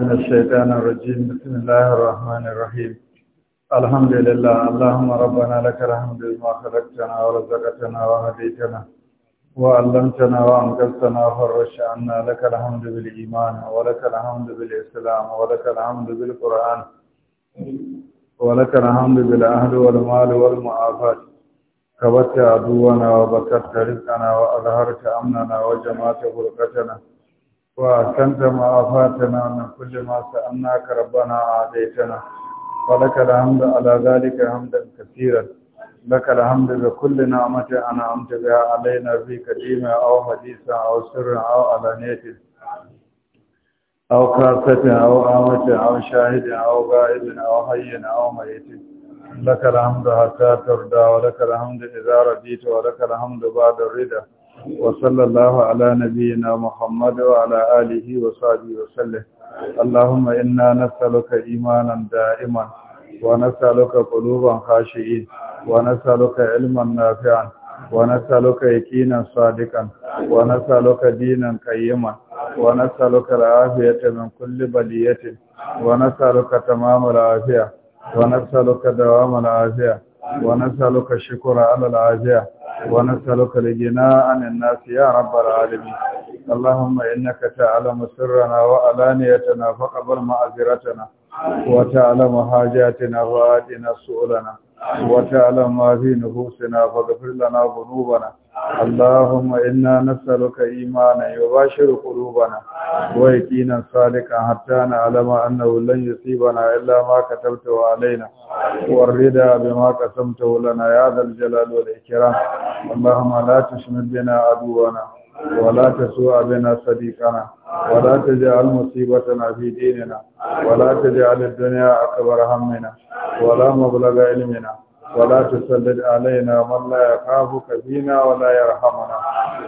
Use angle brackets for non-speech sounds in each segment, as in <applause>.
من الشيطان الرجيم بسم الله الرحمن الرحيم الحمد لله اللهم ربنا لك الحمد ما خلقتنا ورزقتنا وهديتنا وعلمتنا وأنقذتنا وفرش عنا لك الحمد بالإيمان ولك الحمد بالإسلام ولك الحمد بالقرآن ولك الحمد بالأهل والمال والمعافات كبت عدونا وبكت رزقنا وأظهرت أمننا وجمعت بركتنا وأحسنت ما أفاتنا من كل ما سألناك ربنا عاديتنا ولك الحمد على ذلك حمدا كثيرا لك الحمد بكل نعمة أنعمت بها علينا في قديمة أو حديثة أو سر أو علانية أو كافة أو آمة أو شاهد أو غائب أو حي أو ميت لك الحمد حتى ترضى ولك الحمد إذا رضيت ولك الحمد بعد الرضا وصلى الله على نبينا محمد وعلى آله وصحبه وسلم اللهم إنا نسألك إيمانا دائما ونسألك قلوبا خاشئين ونسألك علما نافعا ونسألك يكينا صادقا ونسألك دينا قيما ونسألك العافية من كل بلية ونسألك تمام العافية ونسألك دوام العافية ونسألك شكر على العافية ونسألك لجناء عن الناس يا رب العالمين اللهم إنك تعلم سرنا وألانيتنا فقبل معذرتنا وتعلم حاجاتنا وآتنا سؤلنا وتعلم ما في نفوسنا فاغفر لنا ذنوبنا اللهم إنا نسألك إيمانا يباشر قلوبنا ويكينا صادقا حتى نعلم أنه لن يصيبنا إلا ما كتبته علينا والرضا بما قسمته لنا يا ذا الجلال والإكرام اللهم لا تشمل بنا عدونا ولا تسوء بنا صديقنا ولا تجعل مصيبتنا في ديننا ولا تجعل الدنيا أكبر همنا ولا مبلغ علمنا ولا تسلد علينا من لا يخافك فينا ولا يرحمنا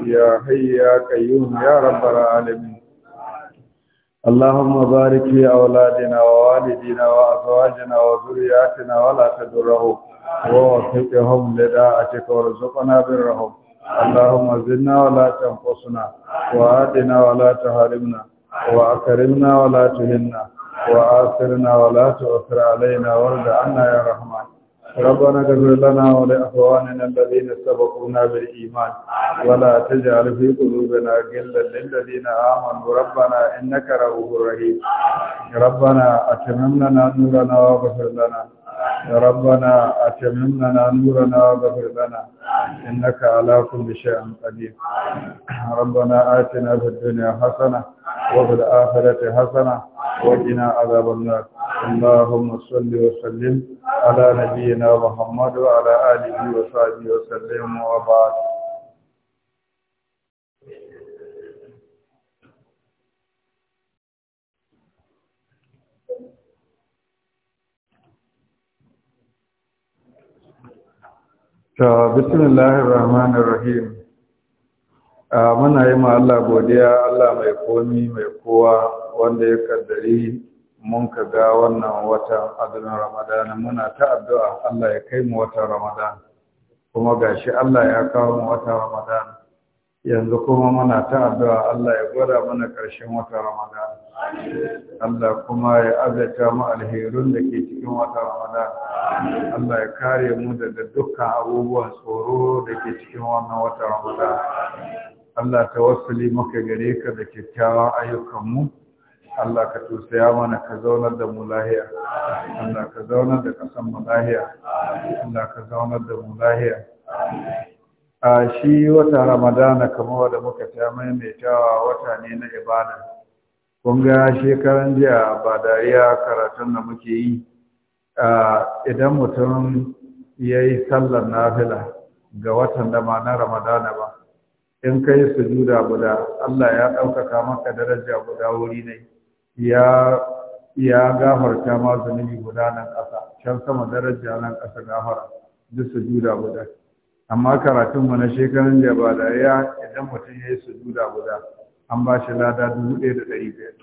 يا حي يا قيوم يا رب العالمين اللهم بارك في أولادنا ووالدينا وأزواجنا وذرياتنا ولا تدرهم ووفقهم لداعتك وارزقنا برهم اللهم زدنا ولا تنقصنا وآتنا ولا تحرمنا وأكرمنا ولا تهنا وآثرنا ولا تؤثر علينا وارض عنا يا رحمة ربنا اغفر لنا ولإخواننا الذين سبقونا بالإيمان ولا تجعل في قلوبنا غلا للذين آمنوا ربنا إنك رؤوف رحيم ربنا أتمم لنا نورنا واغفر لنا ربنا أتمم لنا نورنا واغفر لنا إنك على كل شيء قدير ربنا آتنا في الدنيا حسنة وفي الآخرة حسنة وقنا عذاب النار اللهم صل وسلم على نبينا محمد وعلى اله وصحبه وسلم وبعد bismillahir rahmanir rahim ah, muna yi ma Allah godiya Allah mai komi mai kowa wanda ya kaddari mun ka ga wannan wata adana Ramadan muna ta addu'a Allah ya kai mu wata Ramadan kuma gashi Allah ya kawo mu wata Ramadan yanzu kuma muna ta addu'a Allah ya gwada mana karshen wata Ramadan Allah kuma ya azata mu alherun da ke cikin wata Ramadan Allah ya kare mu daga dukkan abubuwan tsoro da ke cikin wannan wata Ramadan Allah ta wasuli muka gare ka da kyakkyawan ayyukanmu Allah ka tosaya mana ka zaunar da mu lahiya Allah ka zaunar da kasan mu lahiya Allah ka zaunar da mu lahiya a shi wata ramadana kamar da muka ta maimaitawa wata ne na ibada kun ga shekaran jiya ba dariya karatun da muke yi idan mutum ya yi sallar nafila ga watan da ma na ramadana ba in ka yi sujuda guda Allah ya ɗaukaka maka daraja guda wuri ne ya gafarta ma zunubi guda nan ƙasa can sama daraja nan ƙasa gafara duk juda guda amma karatun mu na shekaran da ba da ya idan mutum ya yi sujuda guda an ba shi lada dubu ɗaya da ɗari biyar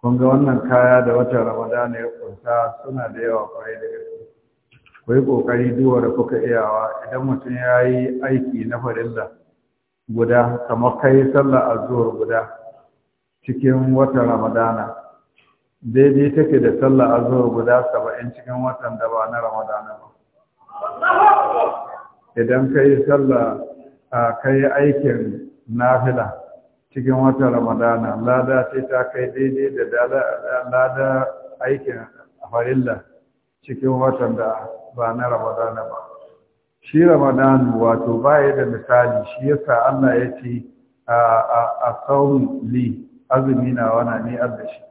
kun ga wannan kaya da watan ramadana ya kunta suna da yawa kwarai da gaske ku yi ƙoƙari duwa da kuka iyawa idan mutum ya yi aiki na farilla guda kamar kai sallah a zuwa guda cikin wata ramadana daidai take da sallah zuwa guda saba'in cikin watan da ba na ramadana ba idan ka yi sallah ka kai aikin nafila cikin watan ramadana lada sai ta kai daidai da lada aikin farilla cikin watan da ba na ramadana ba shi ramadana wato baya da misali shi yasa allah ya ce a sauri li azumi na wana ne da shi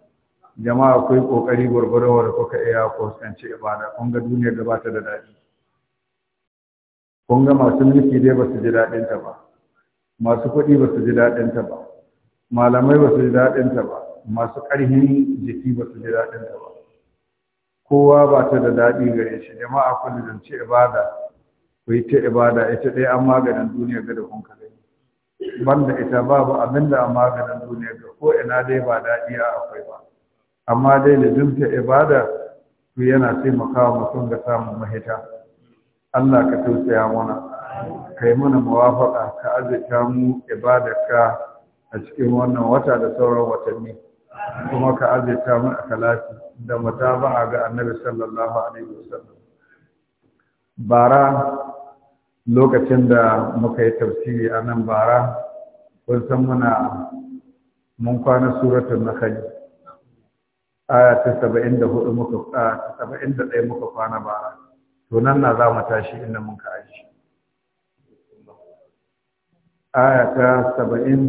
jama'a akwai kokari gwargwaro da kuka iya fuskanci ibada kun ga duniya da ba ta da daɗi kun ga masu mulki dai ba su ji daɗin ta ba masu kuɗi ba su ji daɗin ta ba malamai ba su ji daɗin ta ba masu ƙarfin jiki ba su ji daɗin ta ba kowa ba ta da daɗi gare shi jama'a kullum ci ibada ku yi ta ibada ita dai an maganin duniya ga da kun kare banda ita babu abin da a maganin duniya ga ko ina dai ba daɗi a akwai ba amma dai da lazimta ibada to yana taimakawa mutum ga samun mahita Allah ka tausaya mana ka yi mana muwafaƙa ka azurta mu ibadarka a cikin wannan wata da sauran watanni kuma ka azurta mu kalafi da mutaba'a ga annabi sallallahu alaihi wasallam bara lokacin da muka yi tafsiri a nan bara kun san muna mun kwana suratun nakhali aya ta saba'in da hudu muka ta saba'in da ɗaya muka kwana bara to nan na za mu tashi inda mun ka aji aya ta saba'in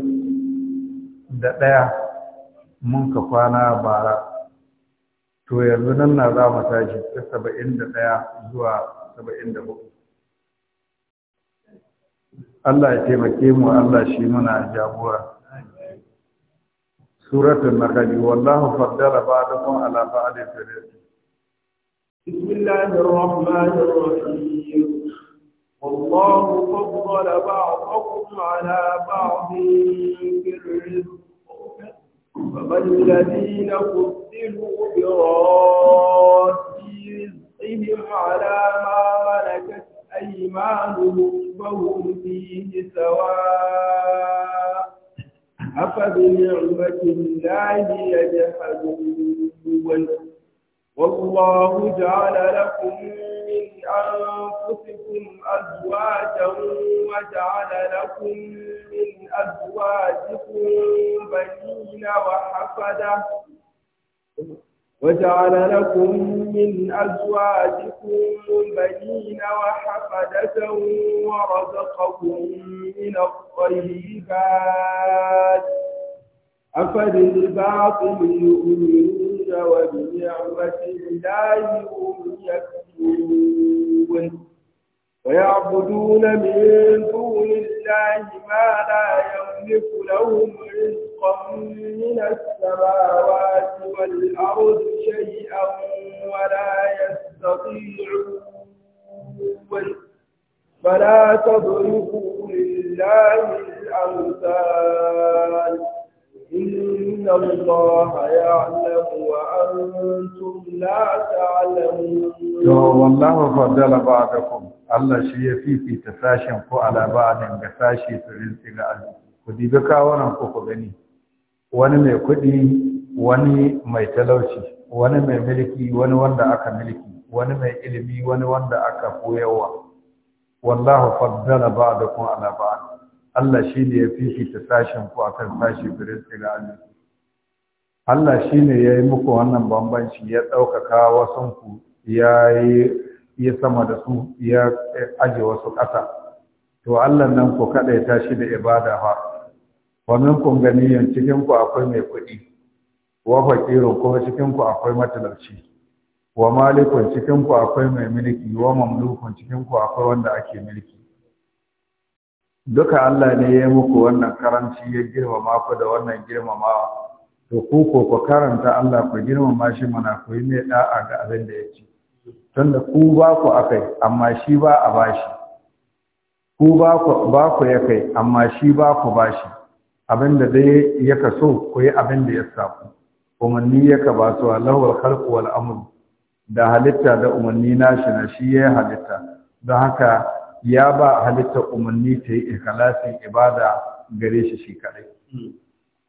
da ɗaya mun ka kwana bara to yanzu nan na za mu tashi ta saba'in da ɗaya zuwa saba'in da hudu Allah ya taimake mu Allah shi muna jagora suratul nahl wallahu faddala ba'dakum ala ba'din fil rizq bismillahir rahmanir rahim والله فضل بعضكم على بعض في الرزق فما الذين فضلوا براد رزقهم على ما ملكت أيمانهم فهم فيه سواء أفبنعمة الله يجحدون والله جعل لكم من أنفسكم أزواجا وجعل لكم من أزواجكم بنين وحفدة وجعل لكم من أزواجكم بنين وحفدة ورزقكم من الطيبات أفبالباطل يؤمنون وبنعمة الله هم يكفرون ويعبدون من دون الله ما لا يملك لهم رزقا من السماوات والأرض شيئا ولا يستطيعون فلا تضربوا لله الأمثال إن الله يعلم وأنتم لا تعلمون والله فضل بعدكم Allah shi ya fifita sashen ko alaba'adin ga sashe su ga arziki ku dibi kawunan ko ku gani wani mai kuɗi wani mai talauci wani mai mulki wani wanda aka miliki. wani mai ilimi wani wanda aka koyarwa wallahu faddala ba'dakum ala ba'd Allah shi ne ya fifita sashen ku akan sashi birin ga arziki Allah shi ne ya yi muku wannan bambanci ya ɗaukaka wasan ku ya yi ya sama da su ya eh, aje wasu ƙasa to Allah nan ku kaɗai ta shi da ibada fa wa minkum ganiyan cikin ku akwai mai kuɗi wa faqirun ko cikin akwai matalauci wa malikun cikin akwai mai mulki wa mamlukun cikin akwai wanda ake mulki duka Allah ne ya yi muku wannan karanci ya girmama ku da wannan girmamawa to ku ko ku karanta Allah ku girmama shi mana ku yi mai da'a ga abin da ya ce don da ku ba ku akai amma shi ba a bashi ku ba ku ya kai amma shi ba ku bashi abinda dai ya kaso ku yi abinda ya saku umarni ya ka ba su harku wal amur da halitta da umarni nashi na shi ya halitta don haka ya ba halitta umarni ta yi ikhlasin ibada gare shi shi kaɗai. Hmm.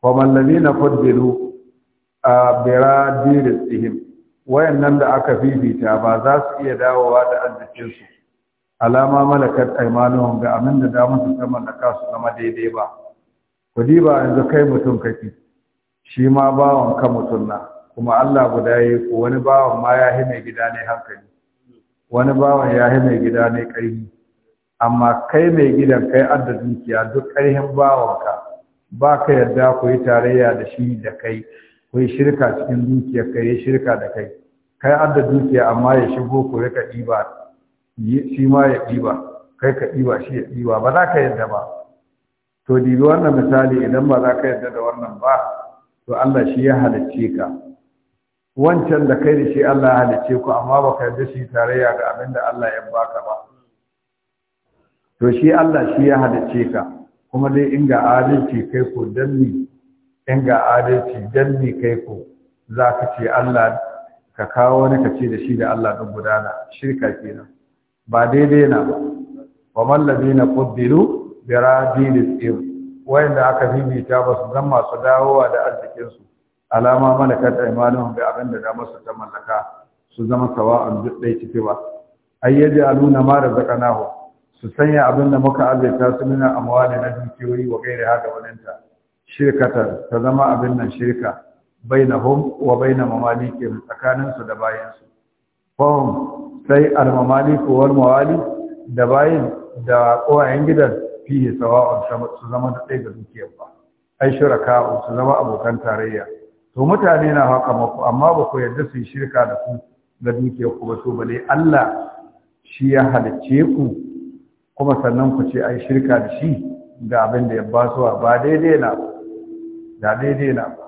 wa mallami na fadilu a bira wayannan da aka fifita ba za su iya dawowa da arzikinsu alama malakar aimanuhum ga amin da damar su ta mallaka su zama daidai ba kudi ba yanzu kai mutum kake shi ma bawan ka mutum na kuma Allah guda yi ko wani bawan ma ya mai gida ne hankali wani bawan ya mai gida ne ƙarfi amma kai mai gidan kai adda dukiya duk ƙarfin bawanka ba ka yarda ku yi tarayya da shi da kai ku yi shirka cikin dukiyar kai ya shirka da kai kai adda dukiya amma ya shigo ku rika ɗiba shi ma ya ɗiba kai ka ɗiba shi ya ɗiba ba za ka yadda ba to dibi wannan misali idan ba za ka yadda da wannan ba to Allah shi ya halicce ka wancan da kai da shi Allah ya halicce ku amma ba ka yarda shi tarayya ga abin da Allah ya baka ba to shi Allah shi ya halicce ka kuma dai in ga adalci kai ko danni in ga adalci dan ne kai ko za ka ce Allah ka kawo wani ka ce da shi da Allah ɗin gudana shirka kenan ba daidai na ba wa mallabi na kuddilu bi radin tsir wayanda aka bibita ba su zama su dawowa da arzikinsu alama malakar imanin da abin da damar su ta mallaka su zama sawa'an duk ɗai ciki ba ayyaji aluna ma da zakanahu su sanya abin da muka azaita su nuna amwali na dukiyoyi wa gaira haka waninta shirkatar ta zama abin nan shirka bainahum wa baina mamalikin tsakaninsu da bayansu fahim sai almamali, wal mawali da bayin da kowayen gidan fiye sawa'un su zama da ɗaya da dukiyar ba ai shuraka su zama abokan tarayya to mutane na haka maku amma ba ku yadda su yi shirka da su, ga dukiyar ku ba so bale Allah shi ya halicce ku kuma sannan ku ce ai shirka da shi ga abin da ya ba su ba daidai na ku da daidai na ba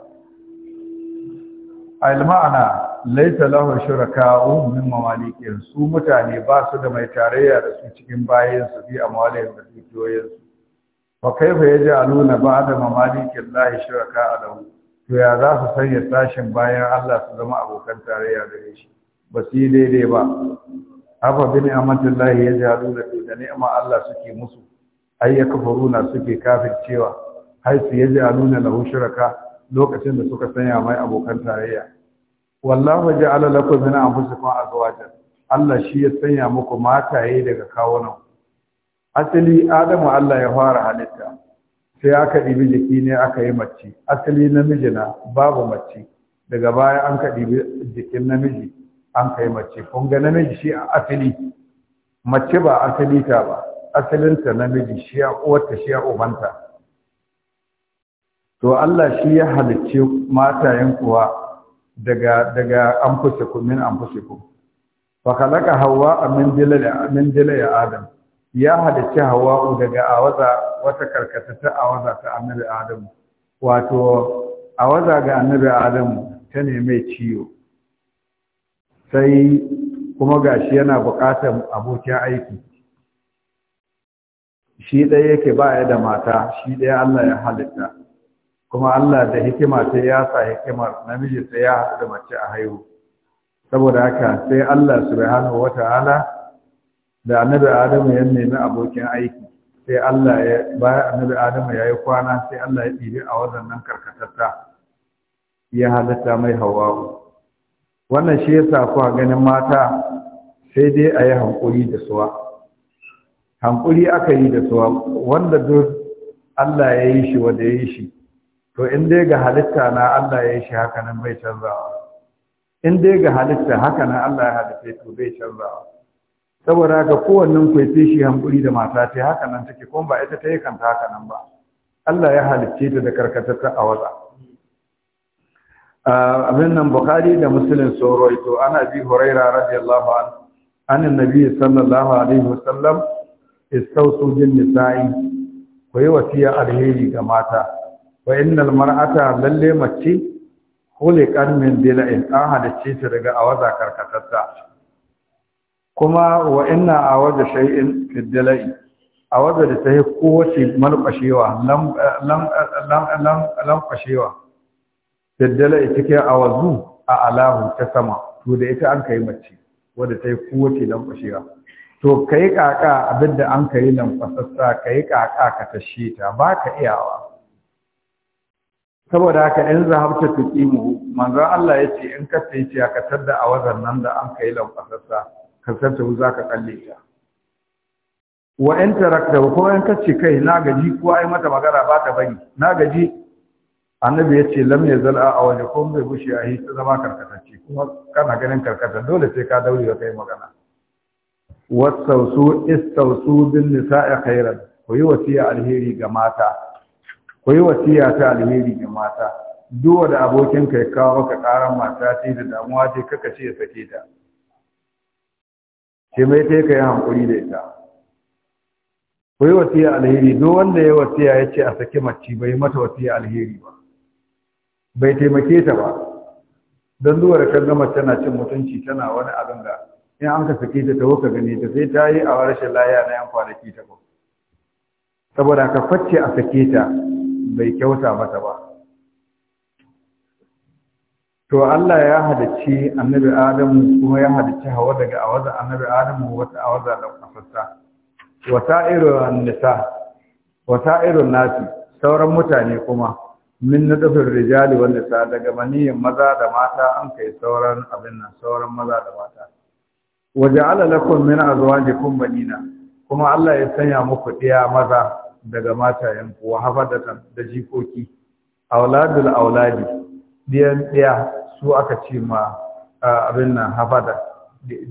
a ilma'ana laita lahun shuraka'u min mamalikin su mutane ba su da mai tarayya da su cikin bayan su bi a mawalin da kai fa kaifa a aluna ba da mamalikin lahi a da to ya za su sanya tashin bayan Allah su zama abokan tarayya gare shi ba su yi daidai ba haka bin ni'amatin lahi yaji nuna to da ni'ama Allah suke musu ai ya kafaruna suke kafircewa haisu ya ji nuna lahu shiraka lokacin da suka sanya mai abokan tarayya wallahu ja'ala lakum a anfusikum azwajan Allah shi ya sanya muku mataye daga kawunan asali Adamu Allah ya fara halitta sai aka ɗibi jiki ne aka yi mace asali namiji na babu mace daga baya an ka ɗibi jikin namiji an ka yi mace kun ga namiji shi a asali mace ba asali ta ba asalinta namiji shi a uwarta shi a ubanta to Allah shi ya halicce matayen kuwa daga daga anfusikum min anfusikum fa khalaqa hawa min dilali min dilali adam ya halicce hawa daga awaza wata karkatata awaza ta annabi adam wato awaza ga annabi adam ta ne mai ciwo sai kuma gashi yana buƙatar abokin aiki shi ɗaya yake ba ya da mata shi ɗaya Allah ya halitta kuma Allah da hikima sai ya sa hikimar namiji sai ya haɗu da mace a haihu saboda haka sai Allah subhanahu wata'ala da annabi Adamu ya nemi abokin aiki sai Allah ya bayan annabi Adamu ya yi kwana sai Allah ya ɗibi a nan karkatatta ya halatta mai hawa'u wannan shi yasa kuwa ganin mata sai dai a yi hankuri da suwa hankuri aka yi da suwa wanda duk Allah ya yi shi wanda ya yi shi to in dai ga halitta na Allah ya yi shi haka nan bai canzawa in dai ga halitta haka nan Allah ya halitta to bai canzawa saboda ga kowannen ku sai shi hankuri da mata ta haka nan take kuma ba ita ta yi kanta haka nan ba Allah ya halicce ta da karkatar a waza ah, abin nan bukhari da muslim sun roito ana bi huraira radiyallahu an anin nabi sallallahu alaihi wasallam istausu jin nisa'i ku yi wasiya alheri ga mata wa innal mar'ata lalle mace khuliqat min dila'in an hadace ta daga a awaza karkatatta kuma wa inna awaza shay'in fi dila'i awaza da ta yi kowace malƙashewa nan kwashewa, lam lam kashewa fi dila'i take awazu a alahu ta sama to da ita an kai mace wanda ta yi kowace nan kwashewa. to kai kaka abinda an kai lankwasassa kai kaka ka tashe ta ba ka iyawa saboda haka in zahabta kimu manzo Allah yace in ka sai ciya aka tadda a wazan nan da an kai lankwasassa ka ta za ka kalle ta wa in tarakta ko in ka ce kai na gaji ko ai mata magana ba ta bari na gaji annabi yace lam yazal a waje ko bai bushe a hisa zama karkatacce kuma kana ganin karkata dole sai ka daure kai magana wasausu istausu bin nisa'i khairan ku yi wasiya alheri ga mata ku yi wasiya ta alheri ga mata duwa da abokin ya kawo maka karan mata ce da damuwa ce kaka ce ya sake ta ke mai ta kai hankuri da ita ku yi wasiya alheri duk wanda ya wasiya ya ce a saki mace bai mata wasiya alheri ba bai taimake ta ba don zuwa da gama tana cin mutunci tana wani abin da in an ka sake ta tawo ka gane ta sai ta yi a rashin laya na yan kwanaki ta saboda ka facce a sake ta bai kyauta mata ba to Allah ya hadace annabi Adamu kuma ya hadace Hawa daga awaza annabi Adamu wata awaza da kafasta wata irin nisa wata irin nasi sauran mutane kuma min nadafin rijali wal nisa daga maniyin maza da mata an kai sauran abin nan sauran maza da mata waja'ala lakum min azwajikum banina kuma Allah ya sanya muku ɗiya maza daga matayen kuwa hafadatan da jikoki auladul auladi ɗiyan ɗaya su aka ce ma abin nan hafada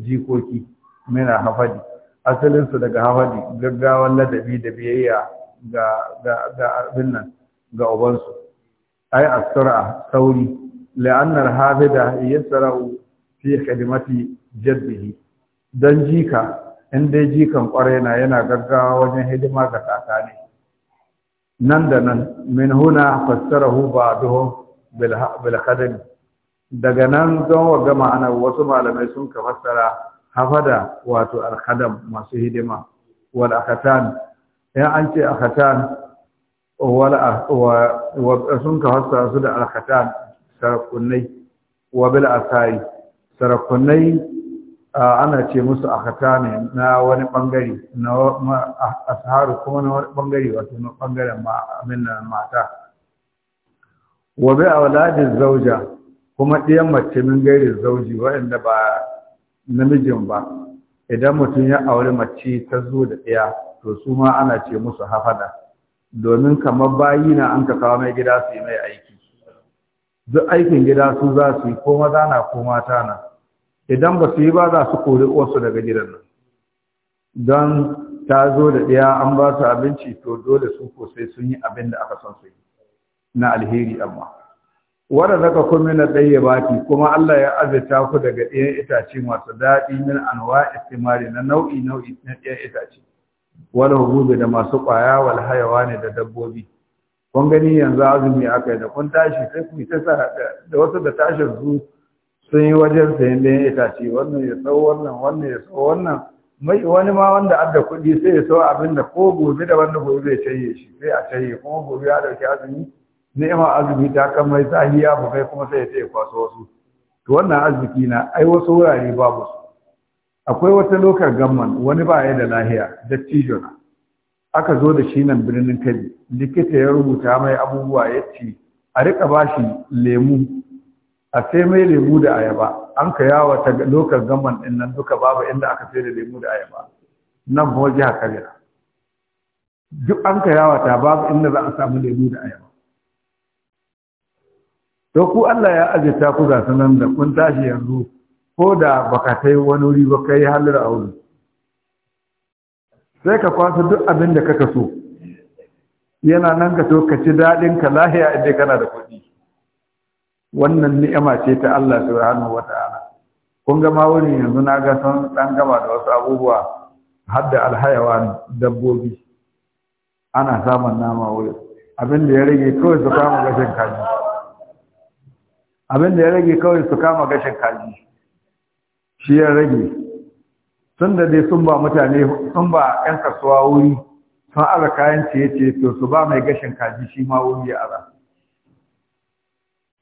jikoki mina hafadi asalinsu daga hafadi gaggawan ladabi da biyayya ga abin nan ga ubansu ai asura sauri la'annar hafida yasra'u fi khidmati jaddihi dan jika in dai jikan kwarai na yana gaggawa wajen hidima ga kakane. nan da nan min huna fassarahu ba'duhum bil khadam daga nan don ga ma'ana wasu malamai sun ka fassara hafada wato al khadam masu hidima wal akatan in an ce akatan wal wa sun ka fassara su da al khatan sarakunai wa bil asai sarakunai ana ce musu a akata ne na wani bangare na asharu kuma na wani bangare wato na bangaren mata Wabe a wadajin zauja kuma ɗiyan mace min gairin zauji waɗanda ba namijin ba idan mutum ya auri mace ta zo da ɗaya to su ma ana ce musu hafada domin kamar bayi na an ka kawo mai gida su yi mai aiki duk aikin gida su za su yi ko maza na ko mata na idan ba su yi ba za su kori uwarsu daga gidan nan don ta zo da ɗaya an ba su abinci to dole su kosai sun yi abin da aka son su yi na alheri amma wadda zaka kuma na ɗaya baki kuma Allah ya azurta ku daga ɗayan itace masu daɗi min anwa istimari na nau'i nau'i na ɗayan itace wala hubube da masu ƙwaya wal hayawa ne da dabbobi kun gani yanzu azumi aka yi da kun tashi sai ku ta sa da wasu da tashin zu sun yi wajen sayan ɗayan itace wannan ya sau wannan wannan ya sau wannan wani ma wanda adda kuɗi sai ya sau abin da ko gobe da wanda gobe zai canye shi sai a canye kuma gobe ya ɗauki azumi ni'ima azumi ta kan mai sahi ya bukai kuma sai ya taya kwaso wasu to wannan arziki na ai wasu wurare babu su akwai wata lokar gamman wani ba ya da lahiya dattijo tijona aka zo da shi nan birnin kabi likita ya rubuta mai abubuwa ya ce a rika bashi lemu a sai mai lemu da ayaba an ka yawa ta lokar gaman din nan duka babu inda aka sai da lemu da ayaba nan kuma jiha kabira duk an ka yawa ta babu inda za a samu lemu da ayaba to ku Allah ya ajeta ku ga sanan da kun tashi yanzu ko da baka kai wani wuri ba kai halar aure sai ka kwasa duk abin da kaka so yana nan ka to ka ci daɗin ka lahiya inda kana da kuɗi wannan ni'ima ce ta Allah subhanahu wata'ala kun ga ma yanzu na ga sun dan gaba da wasu abubuwa har da alhayawan dabbobi ana samun nama wuri. abin da ya rage kawai su kama gashin kaji abin da ya rage kawai su kama gashin kaji shi ya rage sun da dai sun ba mutane sun ba 'yan kasuwa wuri sun ara kayan ciye-ciye to su ba mai gashin kaji shi ma wuri ya ara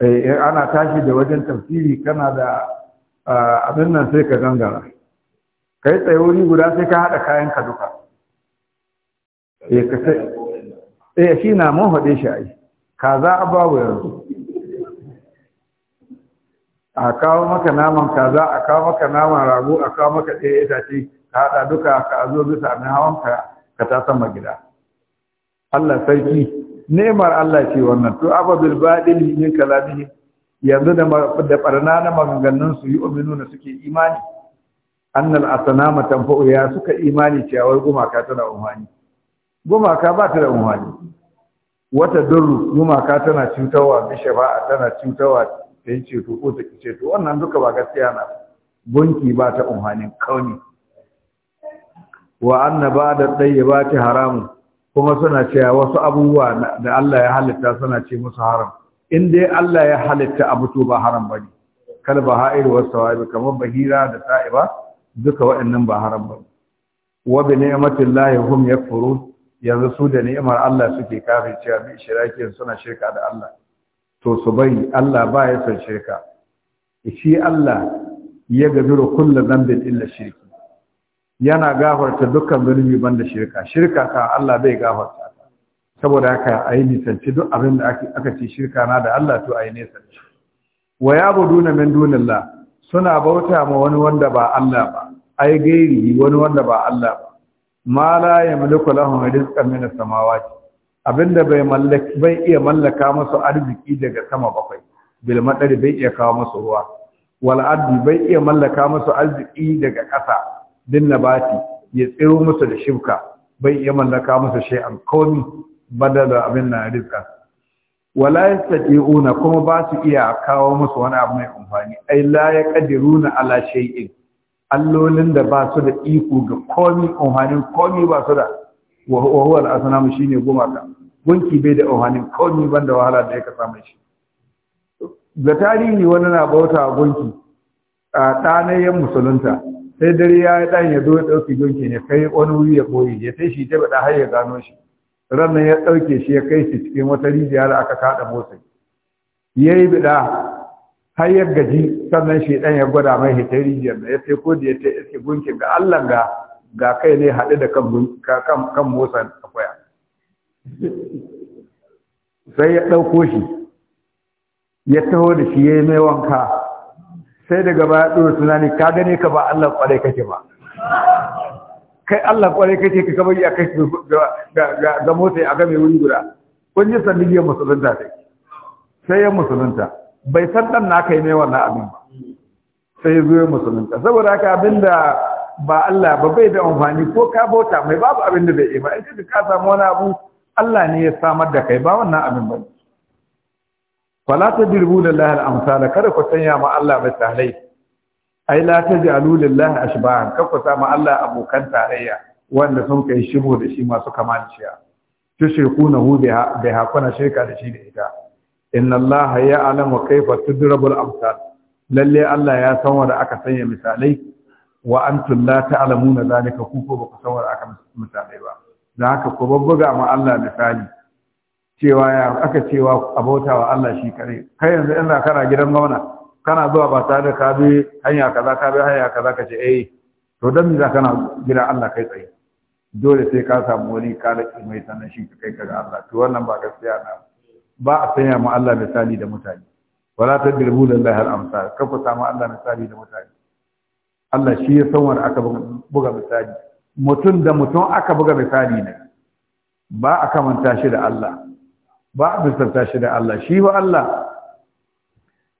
Eh, ana tashi da wajen tafsiri kana da abin nan sai ka gangara kai tsaye wuri guda sai ka haɗa kayan eh, ka duka eh shi na mun haɗe shi ai ka za a babu yanzu a kawo maka naman kaza a kawo maka naman rago a kawo maka ɗaya itace ka haɗa duka ka zo bisa na hawan ka ka ta sama gida Allah sarki nemar Allah ce wannan to ababil badili min kalamihi yanzu da da barna na maganganun su yi na suke imani annal asnama tanfa ya suka imani cewa wai gumaka tana umani gumaka ba ta da umani wata duru gumaka tana cutarwa bi shafa'a tana cutarwa ta yi ceto ko ta ki ceto wannan duka ba gaskiya na gunki ba ta umhanin kauni wa anna ba da ɗaya haramun kuma suna cewa wasu abubuwa da Allah ya halitta suna ce musu haram in dai Allah ya halitta abu to ba haram bane kal baha'ir wa sawaib kamar bahira da ta'iba duka waɗannan ba haram bane wa bi ni'matillahi hum yakfurun yanzu su da ni'imar Allah suke kafircewa bi shirakin suna shirka da Allah to su bari Allah ba ya san shirka shi Allah ya gabiru kullu dhanbin illa shirki yana gafarta dukkan zunubi banda shirka shirka ka Allah bai gafarta ta saboda haka ayi nisanci duk abin da aka ce shirka na da Allah to ayi nisanci wa ya'buduna min dunillah suna bauta ma wani wanda ba Allah ba ai gairi wani wanda ba Allah ba ma la yamliku lahum rizqan min as-samawati abinda bai mallaki bai iya mallaka musu arziki daga sama bakwai bil madari bai iya kawo musu ruwa wal ardi bai iya mallaka musu arziki daga ƙasa din nabati ya tsiro musu da shibka bai iya mallaka musu an komi badala abin na rizqa wala yastati'una kuma ba su iya kawo musu wani abu mai amfani ai la yaqdiruna ala shay'in allolin da ba su da iko ga komi amfanin komi ba su da wa huwa al-asnam shine gumaka gunki bai da amfanin komi banda wahala da yake samun shi ga tarihi wani na bauta gunki a ɗanayen musulunta sai dare ya yi ɗan ya zo ya ɗauki gunki ne kai wani wuri ya ɓoye ya sai shi ta baɗa har ya gano shi rannan ya ɗauke shi ya kai shi cikin wata rijiya da aka kaɗa motsa. ya yi biɗa har ya gaji sannan shi ɗan ya gwada mai hita rijiyar da ya sai ko da ya ta iske gunkin ga Allah ga ga kai ne haɗe da kan motsa motsa kwaya sai ya ɗauko shi ya taho da shi ya yi mai wanka sai daga baya ɗora tunani ka gane ka ba Allah kwarai kake ba kai Allah kwarai kake ka kabari a kai ga mota a ga mai wuri guda kun ji saniliyar musulunta sai sai ya musulunta bai san dan na kai mai wannan abin ba sai zo ya musulunta saboda haka abinda ba Allah ba bai da amfani ko ka bauta mai babu abin da bai yi ba in ka samu wani abu Allah ne ya samar da kai ba wannan abin ba ne fala tadribu lillahi al-amsal kada ku sanya ma Allah misalai ai la taj'alu lillahi ashbahan kada ku sa ma Allah abokan tarayya wanda sun kai shiru da shi masu kamanciya ku na biha da hakuna shirka da shi da ita inna allaha ya'lamu kayfa tudrabu al-amsal lalle Allah ya san wanda aka sanya misalai wa antum la ta'lamuna zalika ku ko ba ku san wanda aka misalai ba da haka ku babbuga ma Allah misali cewa ya aka cewa a bauta wa Allah shi kare kai yanzu in za kana gidan gwamna kana zuwa ba tare da ka bi hanya kaza ka bi hanya kaza ka ce eh to dan me za kana gida Allah kai tsaye dole sai ka samu wani kalaki mai sanan shi ka kai ka ga Allah to wannan ba gaskiya na ba a sanya mu Allah misali da mutane wala tadribu lillahi al-amsal ka ku samu Allah misali da mutane Allah shi ya san wani aka buga misali mutum da mutum aka buga misali ne ba a kamanta shi da Allah ba a misalta shi da Allah shi ba Allah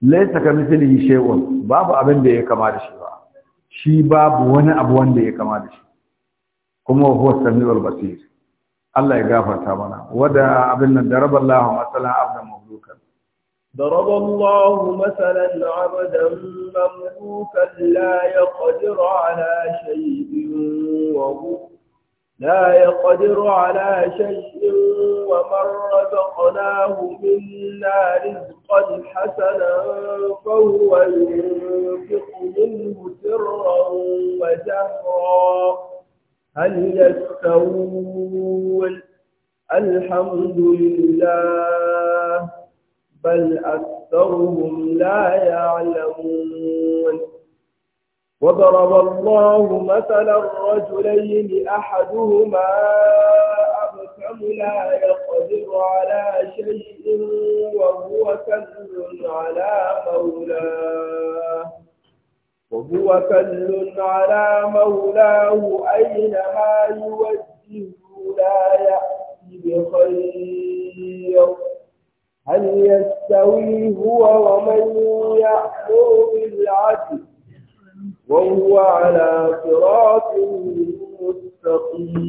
laisa ka mislihi shay'un babu abin da ya kama da shi ba shi babu wani abu wanda ya kama da shi kuma huwa samiul basir Allah ya gafarta mana wada abin nan daraballahu masalan abdan mamlukan ضرب الله مثلا عبدا مملوكا لا يقدر على شيء وهو لا يقدر على شيء ومن رزقناه منا رزقا حسنا فهو ينفق منه سرا وجهرا هل يستوون الحمد لله بل أكثرهم لا يعلمون وضرب الله مثلا رجلين أحدهما أبكم لا يقدر على شيء وهو كل على مولاه وهو كل على مولاه أينما يوجه لا يأتي بخير هل يستوي هو ومن يأمر بالعدل وهو على صراط مستقيم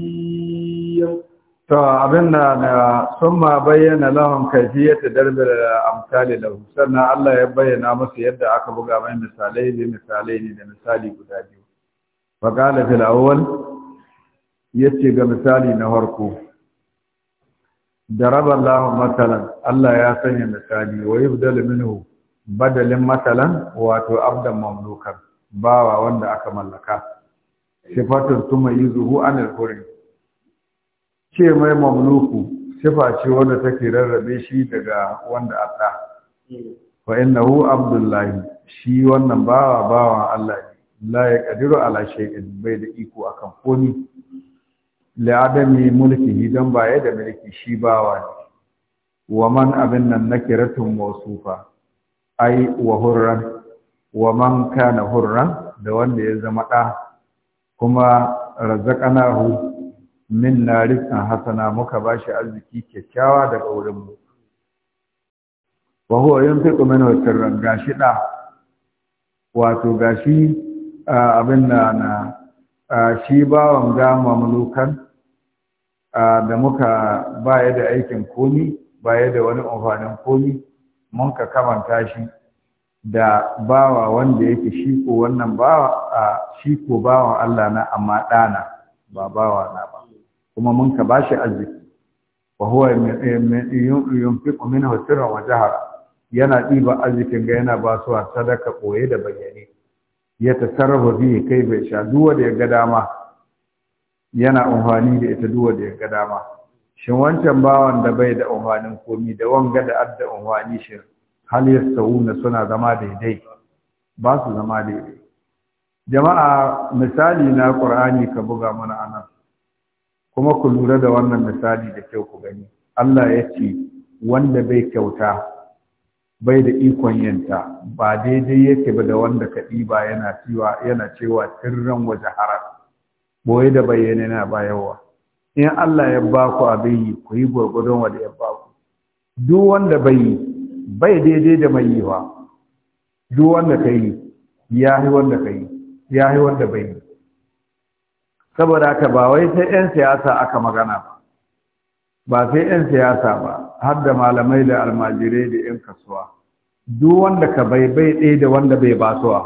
to abin da sun ma bayyana lahun kaifiyata darbar amsali lahu sannan Allah ya bayyana musu yadda aka buga mai misalai da misalai ne da misali guda biyu faqala fil awwal yace ga misali na farko daraba Allahu matalan Allah ya sanya misali wa yubdalu minhu badalin matalan wato abdan mamlukan bawa wanda aka mallaka sifatun tuma yuzuhu anil huri ce mai mamluku sifa ce wanda take rarrabe shi daga wanda Allah fa innahu abdullahi shi wannan bawa bawa Allah ne la ya kadiru ala shay'in bai da iko akan komi la adami mulki, dan baya da mulki shi bawa ne wa man abin nan nakiratun mawsufa ai wa hurran wa man kana hurran da wanda ya zama ɗa kuma min min rizqan hasana muka bashi arziki kyakkyawa daga wurin mu wa huwa yunfiqu min sirran gashi da wato gashi abin da na shi bawan ga mamlukan da muka baya da aikin komi baya da wani amfanin komi mun ka kamanta shi da bawa wanda yake shi wannan bawa a shi ko bawa Allah na amma dana ba bawa na ba kuma mun ka bashi arziki wa huwa yunfiqu minhu sirran wa jahra yana diba arzikin ga yana ba su sadaka koye da bayyane ya tasarrafa bi kai bai sha duwa da ya ga dama yana amfani da ita duwa da ya ga dama shin wancan bawan da bai da amfanin komi da wanga da adda amfani shi hal yastawuna suna zama daidai ba su zama daidai jama'a misali na qur'ani ka buga mana anan kuma ku lura da wannan misali da kyau ku gani Allah ya ce wanda bai kyauta bai da ikon yanta ba daidai yake ba da wanda ka ɗiba yana cewa yana cewa tirran waje harar boye da bayyana yana bayarwa in Allah ya ba ku abin yi ku yi gwargwadon wanda ya ba ku duk wanda bai yi bai daidai da mai yiwa duk wanda ka yi ya yi wanda ka yi ya yi wanda bai yi saboda ka ba wai sai 'yan siyasa aka magana ba ba sai 'yan siyasa ba har da malamai da almajirai da 'yan kasuwa duk wanda ka bai bai ɗaya da wanda bai ba su ba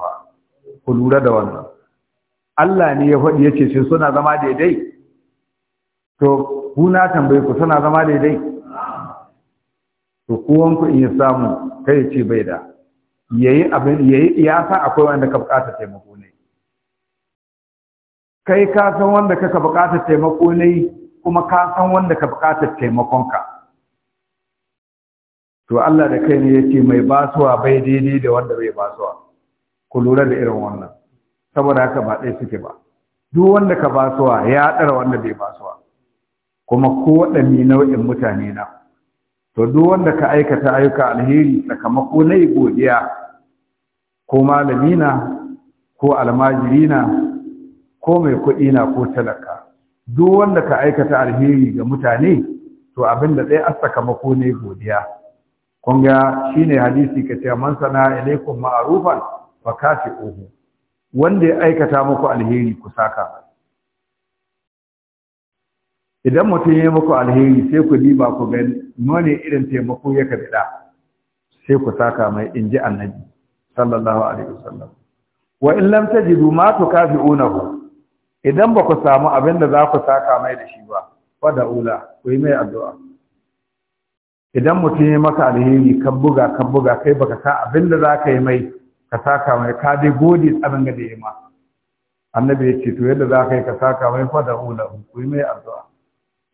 ku lura da wannan Allah ne ya faɗi ya ce suna zama daidai to kuna tambaye ku suna zama daidai to kowan ku in ya samu kai ya ce bai da yayi abin yayi ya sa akwai wanda ka bukata taimako ne kai ka san wanda kaka bukata taimako ne kuma ka san wanda ka bukata taimakon ka to Allah da kai ne ce mai basuwa bai daidai da wanda bai basuwa ku lura da irin wannan saboda haka ba ɗaya suke ba duk wanda ka basuwa ya ɗara wanda bai basuwa kuma ko waɗanne nau'in mutane na to duk wanda ka aikata ayyuka alheri sakamako na godiya ko malamina, ko almajirina, ko mai kuɗi na ko talaka duk wanda ka aikata alheri ga mutane to abin da zai sakamako ne godiya kun ga shine hadisi ka ce man sana ilaikum ma'rufan fa kafi uhu wanda ya aikata muku alheri ku saka idan mutum ya muku alheri sai ku diba ku ga none irin taimako ya kabida sai ku saka mai ji annabi sallallahu alaihi wasallam wa in lam tajidu ma tukafi'unahu idan ba ku samu abin da za ku saka mai da shi ba fada ula ku yi mai addu'a idan mutum ya maka alheri kan buga kan buga kai baka san abin da za ka yi mai ka saka mai ka dai gode ga da ya yi ma annabi ya ce to yadda za ka yi ka saka mai fada ula ku yi mai addu'a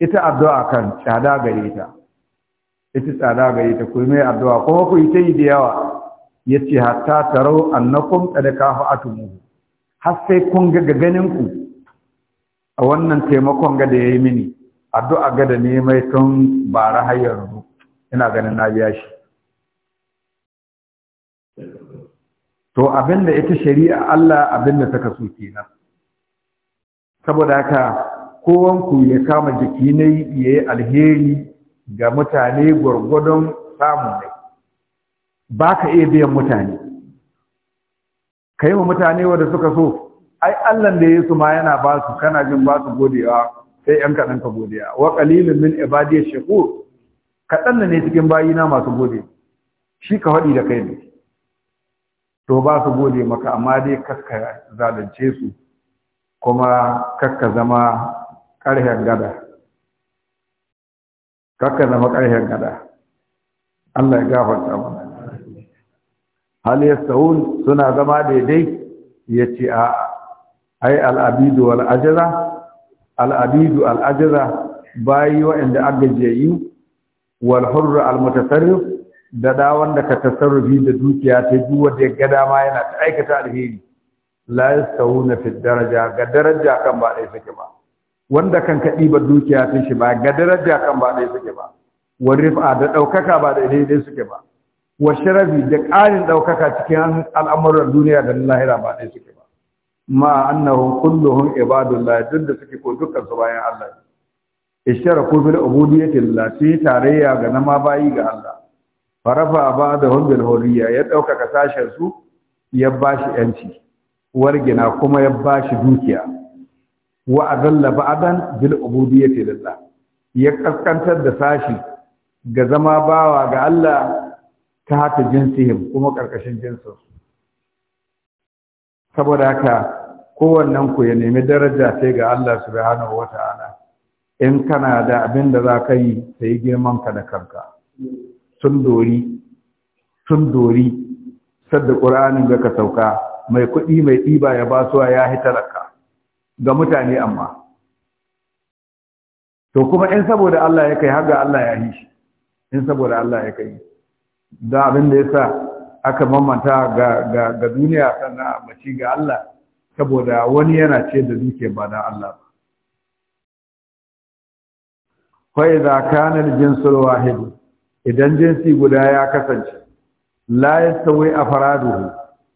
ita addu'a kan tsada gare ta ita tsada gare ta ku mai addu'a kuma ku yi ta yi da yawa yace hatta tarau annakum qad kafa'atumu har sai kun ga ganin ku a wannan taimakon ga da yayi mini addu'a ga da ne mai tun bara ru ina ganin na biya shi to abinda ita shari'a Allah abinda ta kasu kenan saboda haka kowanku ya kama jiki ne ya yi alheri ga mutane gwargwadon samun ne ba ka iya biyan mutane ka yi wa mutane wadda suka so ai Allah da ya su ma yana ba su kana jin ba su godewa sai yan kaɗan ka godewa wa qalilun min ibadiy shakur kaɗan ne cikin bayi na masu gode shi ka haɗi da kai ne to ba su gode maka amma dai kakka zalunce su kuma kakka zama ƙarhen gada kakka zama ƙarhen gada Allah ya gafarta mana hal yastawun suna zama daidai yace a ai al'abidu wal ajza al'abidu al ajza bayi wa'anda agajeyi wal hurr al mutasarrif da da wanda ka tasarrufi da dukiya ta duk wanda ya ga dama yana ta aikata alheri la yastawuna fi daraja ga daraja kan ba dai sake ba wanda kan ka ɗiba dukiya ta shi ba ga daraja kan ba ɗaya suke ba wa rifa da ɗaukaka ba da daidai suke ba wa sharabi da ƙarin ɗaukaka cikin al'amuran duniya da lahira ba ɗaya suke ba ma annahum kulluhum ibadullah duk da suke ko dukkan su bayan Allah Ishara ishtaraku bil ubudiyyati lillah sai tarayya ga nama bayi ga Allah farafa ba'dahum bil hurriya ya ɗaukaka sashen su ya bashi yanci wargina kuma ya bashi dukiya wa azalla ba'dan bil ubudiyyati lillah ya kaskantar da sashi ga zama bawa ga Allah ta hata jinsihim kuma karkashin jinsin saboda haka kowannen ku ya nemi daraja sai ga Allah subhanahu wata'ala in kana da abin da za ka yi sai girman ka da kanka tun dori tun dori sadda ƙur'anin ga ka sauka mai kuɗi mai ɗiba ya ba ya hitararka ga mutane amma to kuma in saboda Allah ya kai har ga Allah ya yi shi in saboda Allah ya kai da abin da ya sa aka mamanta ga duniya sannan a mace ga Allah saboda wani yana ce da duke ba na Allah ba fa idza kana jinsul idan jinsi guda ya kasance la a faradu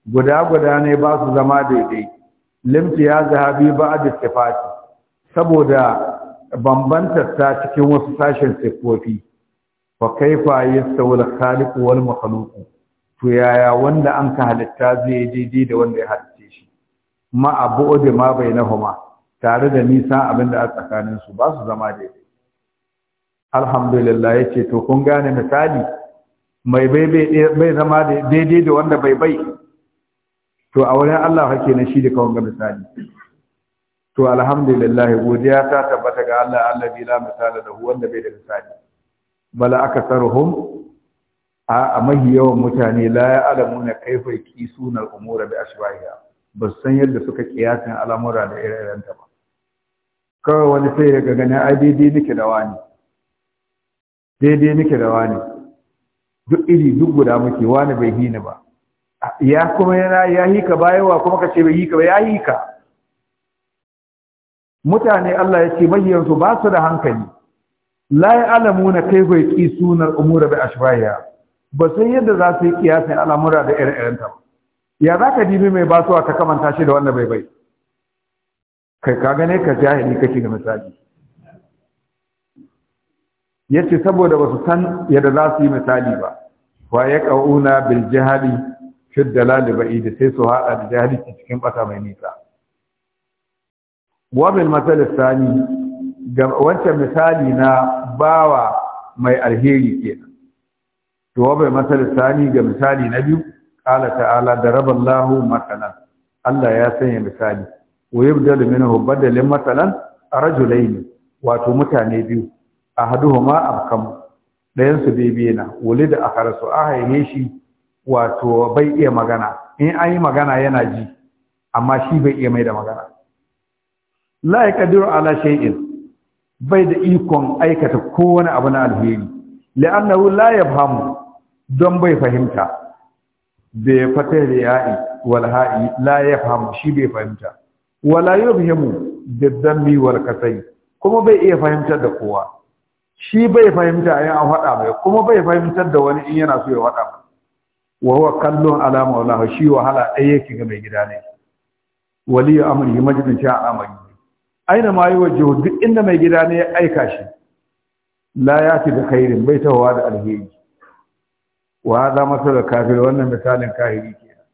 guda guda ne ba su zama daidai limti ya zahabi ba'da sifati saboda bambantar ta cikin wasu sashen sifofi fa kaifa saboda khaliku wal makaluku to yaya wanda an ka halitta zai yi daidai da wanda ya halitta shi ma bai da ma tare da nisa abinda a tsakaninsu su ba su zama daidai alhamdulillah yace to kun gane misali mai bai bai zama daidai da wanda bai bai to a wurin Allah hake na shi da kawon ga misali to alhamdulillah godiya ta tabbata ga Allah Allah bi la misala da wanda bai da misali bala akasaruhum a mahi yawan mutane la ya alamu na yaqisuna al-umura bi ashbahiha ba san yadda suka kiyasin al'amura da irin ta ba kawai wani sai ga gani ai daidai nake da wani daidai nake da wani duk iri duk guda muke wani bai hini ba ya kuma yana ya hika bayawa kuma ka ce bai yi ka ba ya hika mutane Allah ya ce mahiyansu ba su da hankali la kai bai yaqisuna sunar umura bai ashbahiha ba sai yadda za su yi kiyasin al'amura da ire-iren ta ya ka dibi mai basuwa ta kamanta shi da wanda bai bai kai ka gane ka jahili kake ga misali yace saboda ba su san yadda za su yi misali ba wa yaqauna bil jahali fidda lalibai da sai su haɗa da jahilci cikin ɓata mai nisa wabin matsalar sani ga wancan misali na bawa mai alheri ke to wabin matsalar sani ga misali na biyu ƙala ta'ala da rabar lahu matsalan Allah ya sanya misali wa yi budalin da badalin matsalan a rajulai wato mutane biyu a haduhu ma abkamu ɗayansu bebe na wuli da a harasu a haihe shi wato bai iya magana in an yi magana yana ji amma shi bai iya mai da magana la kadiru ala shay'in bai da ikon aikata kowane abu na alheri la'annahu la yafhamu don bai fahimta ya fata da ya'i wal ha'i la yafhamu shi bai fahimta wala yubhimu bidammi wal kasai kuma bai iya fahimtar da kowa shi bai fahimta in an faɗa mai kuma bai fahimtar da wani in yana so ya faɗa mai wa huwa kallon alama wala shi wahala ɗaya yake ga mai gida ne wali amri majalisin amri aina ma jihu duk inda mai gida ne ya aika shi la ya fi da khairin bai tawa da alheri wa hada da kafir wannan misalin kahiri kenan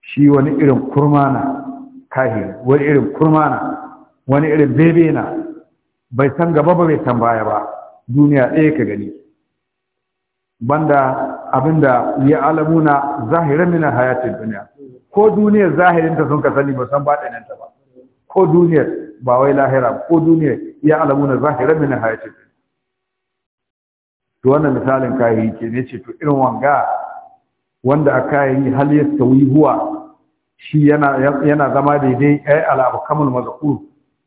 shi wani irin kurmana kahiri wani irin kurmana wani irin bebe na bai san gaba ba bai san baya ba duniya ɗaya ka gani banda abinda ya alamuna zahiran min hayatin duniya ko duniyar zahirin ta sun ka sani ba san baɗinin ta ba ko duniyar ba wai lahira ko duniyar ya alamuna zahiran min hayatin duniya to wannan misalin kayi ke ne ce to irin wanga wanda a kayan hal ya sauyi huwa shi yana zama daidai ai alabu kamul mazkur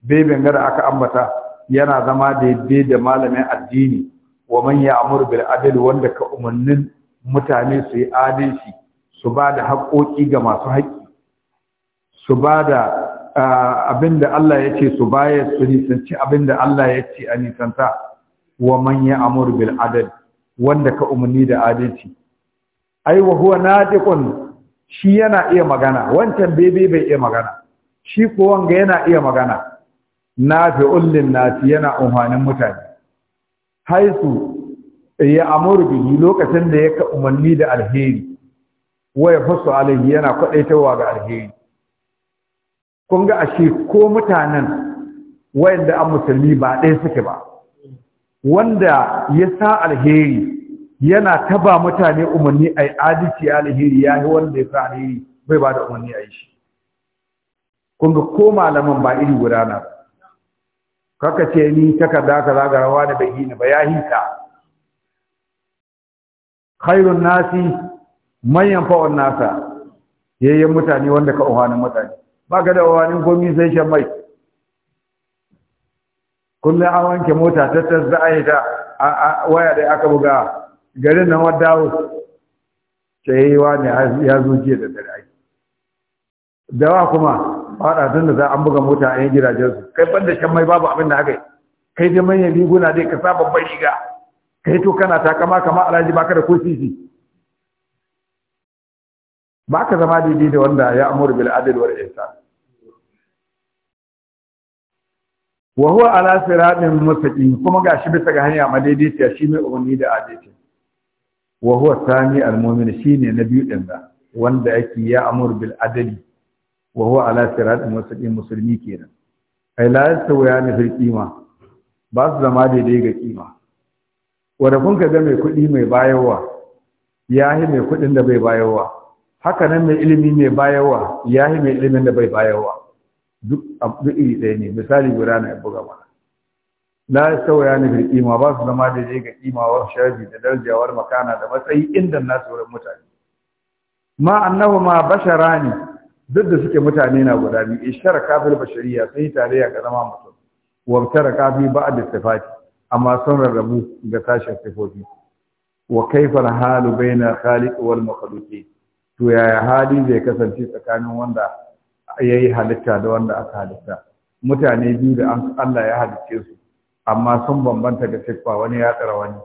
beben gada aka ambata yana zama daidai da malamin addini wa man ya'mur bil adl wanda ka umarnin. mutane su yi adalci su ba da haƙoƙi ga masu haƙƙi su ba da abin da Allah ya ce su baya su nisanci abin da Allah ya ce a nisanta wa manya amur bil adal wanda ka umarni da adalci ai wa huwa nadiqun shi yana iya magana wancan bebe bai iya magana shi ko wanga yana iya magana nafi'ul lin nasi yana umhanin mutane haisu ya amuru bihi lokacin da ya umarni da alheri wa ya fasu alaihi yana kwadaitawa ga alheri kun ga ashe ko mutanen wayanda an musulmi ba ɗaya suke ba wanda ya sa alheri yana taba mutane umarni a yi adalci alheri ya yi wanda ya sa alheri bai ba da umarni a yi shi kun ga ko malaman ba iri guda na kaka ce ni takarda ka zagarawa da bai yi ni ba ya hita khairun nasi manyan fa'on nasa yayyen mutane wanda ka uhanin mutane ba ka da uhanin komi sai shan mai kullum an wanke mota ta za a waya da aka buga garin nan wa dawo ne ya zo jiya da dare ai dawa kuma fada tun da za an buga mota a yin gidajen su kai banda shan mai babu abin da aka yi kai da manyan riguna dai ka saba babban riga ka eh to kana takama kama alhaji baka da ko sisi ba ka zama daidai da wanda ya amur bil adl wal ihsan wa huwa ala siratin mustaqim kuma gashi bisa ga hanya madaidaiciya shi mai umarni da adalci wa huwa sami al mu'min shine na biyu din da wanda yake ya amur bil adli wa huwa ala siratin mustaqim musulmi kenan ai la yastawiya ni fil qima ba su zama daidai ga kima wanda kun ka ga mai kuɗi mai bayarwa ya yi mai kuɗin da bai bayarwa haka nan mai ilimi mai bayarwa ya yi mai ilimin da bai bayarwa duk iri ɗaya ne misali guda na buga mana la sauya ni fil ƙima ba su zama da ga qima wa sharbi da darajawar makana da matsayi inda na tsoron mutane ma basha basharani duk da suke mutane na guda biyu isharaka kafin bashariya sai tarayya ga zama mutum wa ba a ba'd istifati amma sun rarrabu ga tashin sifofi wa kaifar halu baina khaliq wal makhluqi to yaya hali zai kasance tsakanin wanda yayi halitta da wanda aka halitta mutane biyu da Allah ya halicce su amma sun bambanta ga siffa wani ya tsara wani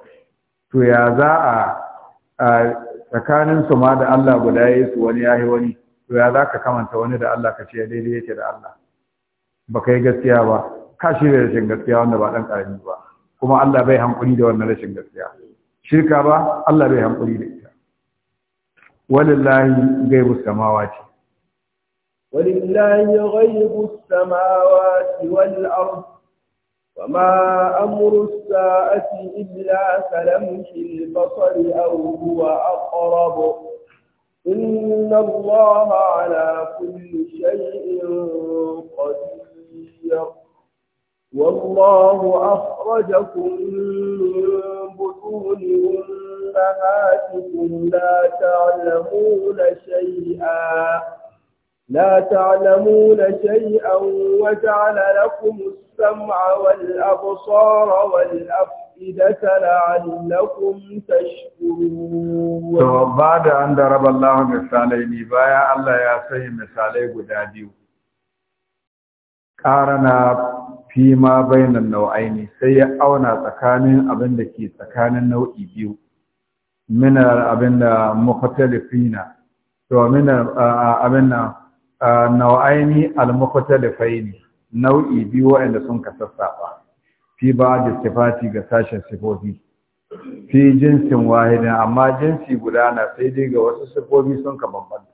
to ya za a tsakanin su ma da Allah guda yayi su wani yayi wani to ya za ka kamanta wani da Allah ka ce daidai yake da Allah ba kai gaskiya ba ka shirya rashin gaskiya wanda ba dan karami ba kuma Allah bai hankuli da wannan rashin gaskiya shirka ba Allah bai hankuli da ita walillahi gaibu samawati walillahi ghaibu samawati wal ard وما أمر الساعة إلا كلمح البصر أو هو أقرب إن الله على كل شيء قدير والله أخرجكم من بطون أمهاتكم لا تعلمون شيئا لا تعلمون شيئا وجعل لكم السمع والأبصار والأفئدة لعلكم تشكرون. بعد أن ضرب الله مثالين بايا الله يا سيدي مثالين قداديو. karana fi ma bainan nau'aini sai ya auna tsakanin abin da ke tsakanin nau'i biyu minar abin da mukhtalifina to min abin da nau'aini al ne, nau'i biyu wanda sun kasassafa fi ba da sifati ga sashen sifofi fi jinsin wahidin amma jinsi guda na sai dai ga wasu sifofi sun ka bambanta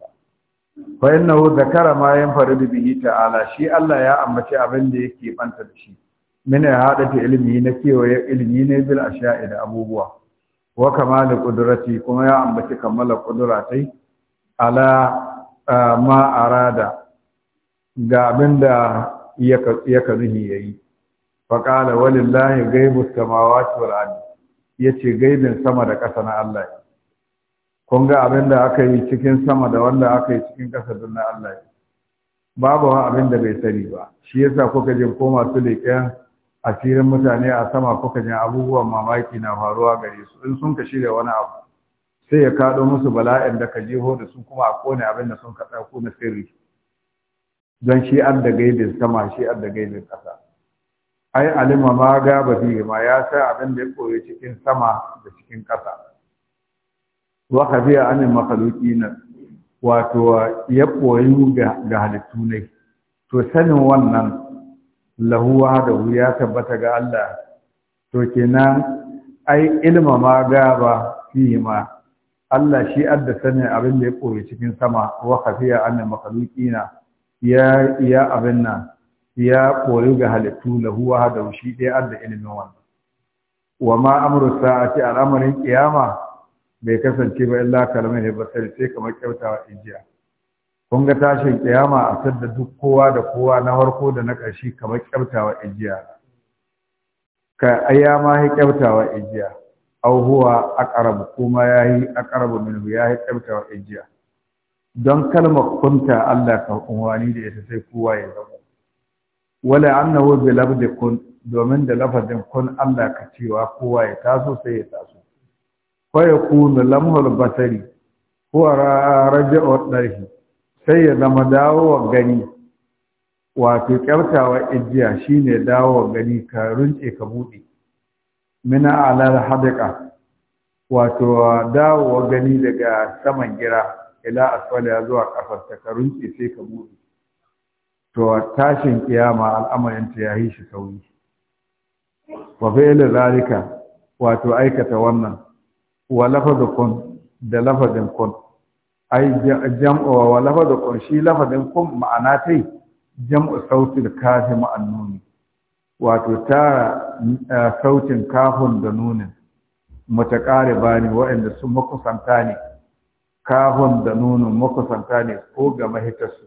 fa innahu zakara ma yanfaridu bihi ta'ala shi Allah ya ambaci abin da yake banta da shi min hadati ilmi na kewaye ilimi ne bil asha'i da abubuwa wa kamala qudrati kuma ya ambaci kamala qudratai ala ma arada ga abin da ya zuhi yayi fa qala walillahi gaibu samawati wal ardi yace gaibin sama da ƙasa na Allah kun ga abin da aka yi cikin sama da wanda aka yi cikin ƙasa don na Allah yi babu abin da bai sani ba shi yasa kuka jin ko masu leƙen asirin mutane a sama kuka jin abubuwan mamaki na faruwa gare su in sun ka shirya wani abu sai ya kaɗo musu bala'in da ka jeho da su kuma a kone abin da sun ka ɗauko na sirri don shi an da gaibin sama shi an da gaibin ƙasa ai alima ma ga ba ma ya sa abin da ya koyi cikin sama da cikin ƙasa wa khafiya anil na, wato ya koyu ga halittu ne to sanin wannan lahuwa wahdahu ya tabbata ga Allah to kenan ai ilma ma gaba fi ma Allah shi adda sanin abin da ya koyi cikin sama wa khafiya anil makhluqina ya ya abin nan ya koyu ga halittu lahuwa wahdahu shi dai adda ilimin wannan wa ma amru sa'ati al'amarin ƙiyama? bai kasance ba illa kalmar ne basari sai kamar kyautawa injiya kun ga tashin kiyama a sadda duk kowa da kowa na farko da na ƙarshe kamar kyautawa injiya ka ayya ma ya kyautawa injiya auhuwa huwa aqrabu kuma yayi aqrabu minhu yayi kyautawa injiya don kalmar kunta Allah ka umarni da ita sai kowa ya zama wala annahu bi labdi kun domin da lafazin kun Allah ka cewa kowa ya taso sai ya taso fa yakunu lamhul basari huwa raja'u darhi sai ya zama dawowa gani wato kyautawa ijiya shine dawowa gani ka runce ka bude mina alal hadiqa wato dawowa gani daga saman gira ila asfala zuwa kafar ta ka runce sai ka buɗe. to tashin kiyama al'amarin ta yayi shi sauri wa fi'l zalika wato aikata wannan wa lafadu kun da lafadin kun ai jam'u wa lafadu kun shi lafadin kun ma'ana tai jam'u sautin kafi ma'annuni nuni wato tara sautin kafin da nunin mutaƙariba ne waɗanda sun makusanta ne kafin da nunin makusanta ne ko ga mahitarsu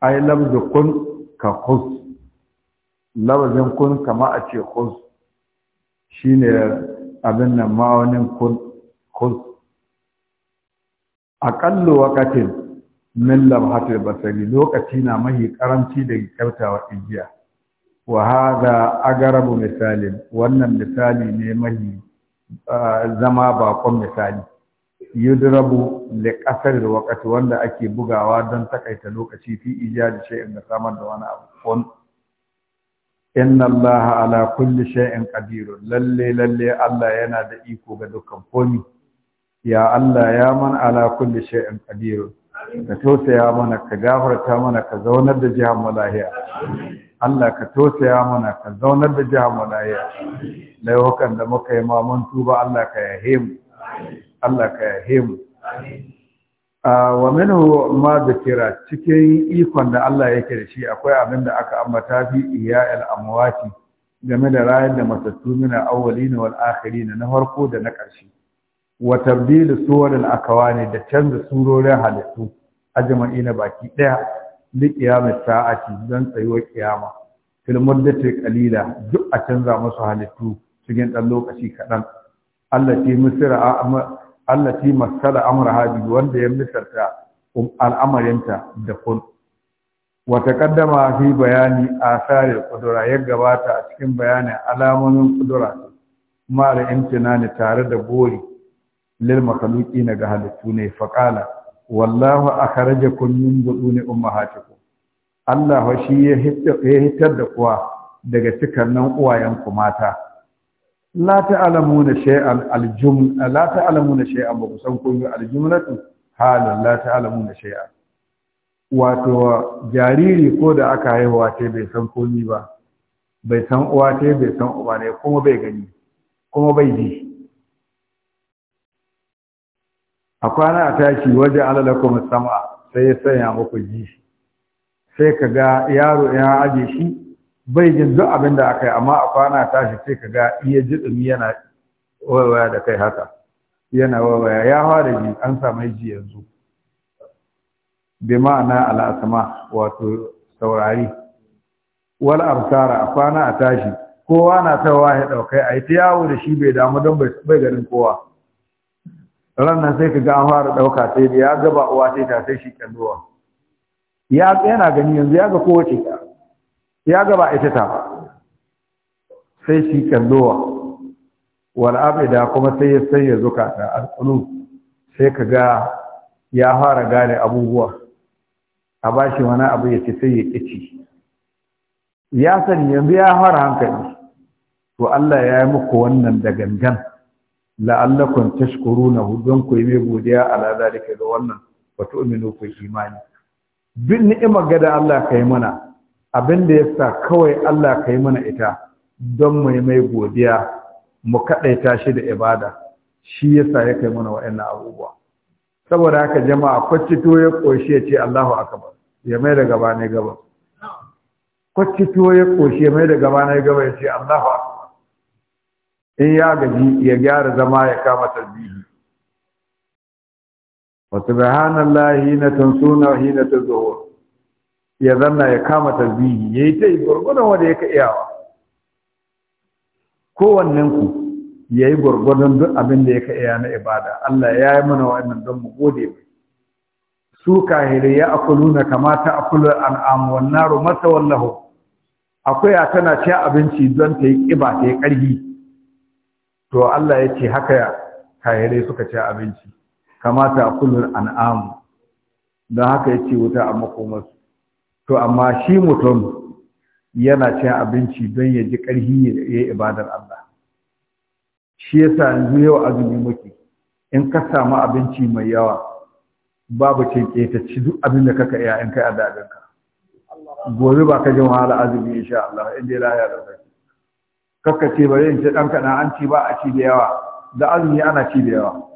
ai labzu kun ka khuz lafadin kun kama a ce khuz shine abin nan ma'aunin A aƙallu waƙatin min lamhatul basari lokaci na mahi karanci da kyautawa igiya wa hada agarabu misalin wannan misali ne mahi zama bakon misali yudrabu li da waqti wanda ake bugawa don takaita lokaci fi ijadi shay'in da samar da wani abu inna allaha ala kulli shay'in qadir lalle lalle Allah yana da iko ga dukkan komi ya Allah ya man ala kulli shay'in qadir ka tausaya mana ka gafarta mana ka zaunar da jihar mu lahiya Allah ka tausaya mana ka zaunar da jihar mu lahiya laifukan da muka yi ma mun tuba Allah ka yahe mu Allah ka yahe mu wa ma ma kira cikin ikon da Allah yake da shi akwai abin da aka ambata fi iya amwati game da rayar da matattu mina na wal wal'akari na na farko da na ƙarshe Wata bilu tabdil suwar akawa ne da canza surorin halittu na baki ɗaya, duk ƙiyamar sa'ati don tsayuwar kiyama da muddati kalila duk a canza masu halittu cikin ɗan lokaci kaɗan. Allah ce musira allati maskala amraha bi wanda ya misalta um al'amarinta da kun wa taqaddama fi bayani asarin qudura ya gabata a cikin bayanin alamomin qudura kuma da ne tare da gori lil na ga halittu ne faqala wallahu akhrajakum min buduni ummahatikum Allah shi ya hitar da kuwa daga cikannan nan uwayenku mata la alamu shay'an al-jumla la ta'lamuna shay'an ba kusan komai al-jumlatu halan la ta'lamuna shay'an wato jariri ko da aka haihuwa sai bai san komai ba bai san uwa sai bai san uba ne kuma bai gani kuma bai ji a kwana a tashi waje alalakum sama sai ya sanya muku ji sai ka ga yaro ya aje shi bai jin duk abin da aka yi amma a kwana tashi sai ka ga iya ji ɗumi yana wawaya da kai haka yana wawaya ya fara ji an samu ji yanzu bi ma'ana al'asama wato saurari wal absara a kwana a tashi kowa na ta wahe ɗaukai a yi ta yawo da shi bai damu don bai ganin kowa ranar sai ka ga an fara ɗauka sai da ya gaba uwa sai ta sai shi kalluwa ya yana gani yanzu ya ga kowace ta. ya gaba ita ta sai shi kallowa wal abida kuma sai ya zuka ta alqulub sai kaga ya fara gane abubuwa a bashi wani abu ya ce sai ya kici ya sani yanzu ya fara hankali to Allah ya yi muku wannan da gangan la'allakum tashkuruna don ku yi mai godiya ala zalika ga wannan wa tu'minu ku imani Bin ni'imar gada da Allah kai mana abin da ya sa kawai Allah ka yi mana ita don mai mai godiya mu kaɗaita shi da ibada shi ya sa ya kai mana wa'annan abubuwa saboda haka jama'a kwacito ya ƙoshi ya ce Allahu ba, ya mai da gaba ne gaba kwacito ya ƙoshi ya mai da gaba ne gaba ya ce Allahu ba. in ya gaji ya gyara zama ya kama tasbihi wa subhanallahi na tansuna hina tazuhur ya zanna ya kama Ya yi ta yi gurgurdan wanda yake iyawa kowannen ku yi gwargwadon duk abin da ka iya na ibada Allah ya yi mana wannan don mu gode mai su kahire ya na kamata akulu an'am wan naru matawallahu akwai a tana ci abinci don ta yi ƙiba ta yi ƙarfi to Allah ya ce haka ya, kahirai suka ci abinci kamata a kullum al'amu. don haka ya ce wuta a makomarsu to amma shi mutum yana cin abinci don ya ji ƙarfi ya yi ibadar Allah shi yasa yanzu yau azumi muke in ka samu abinci mai yawa babu ce ci duk abin da kaka iya in kai ka gobe ba ka ji wahala azumi insha Allah in dai lafiya da kai kaka ce bari in ce dan kana an ci ba a ci da yawa da azumi ana ci da yawa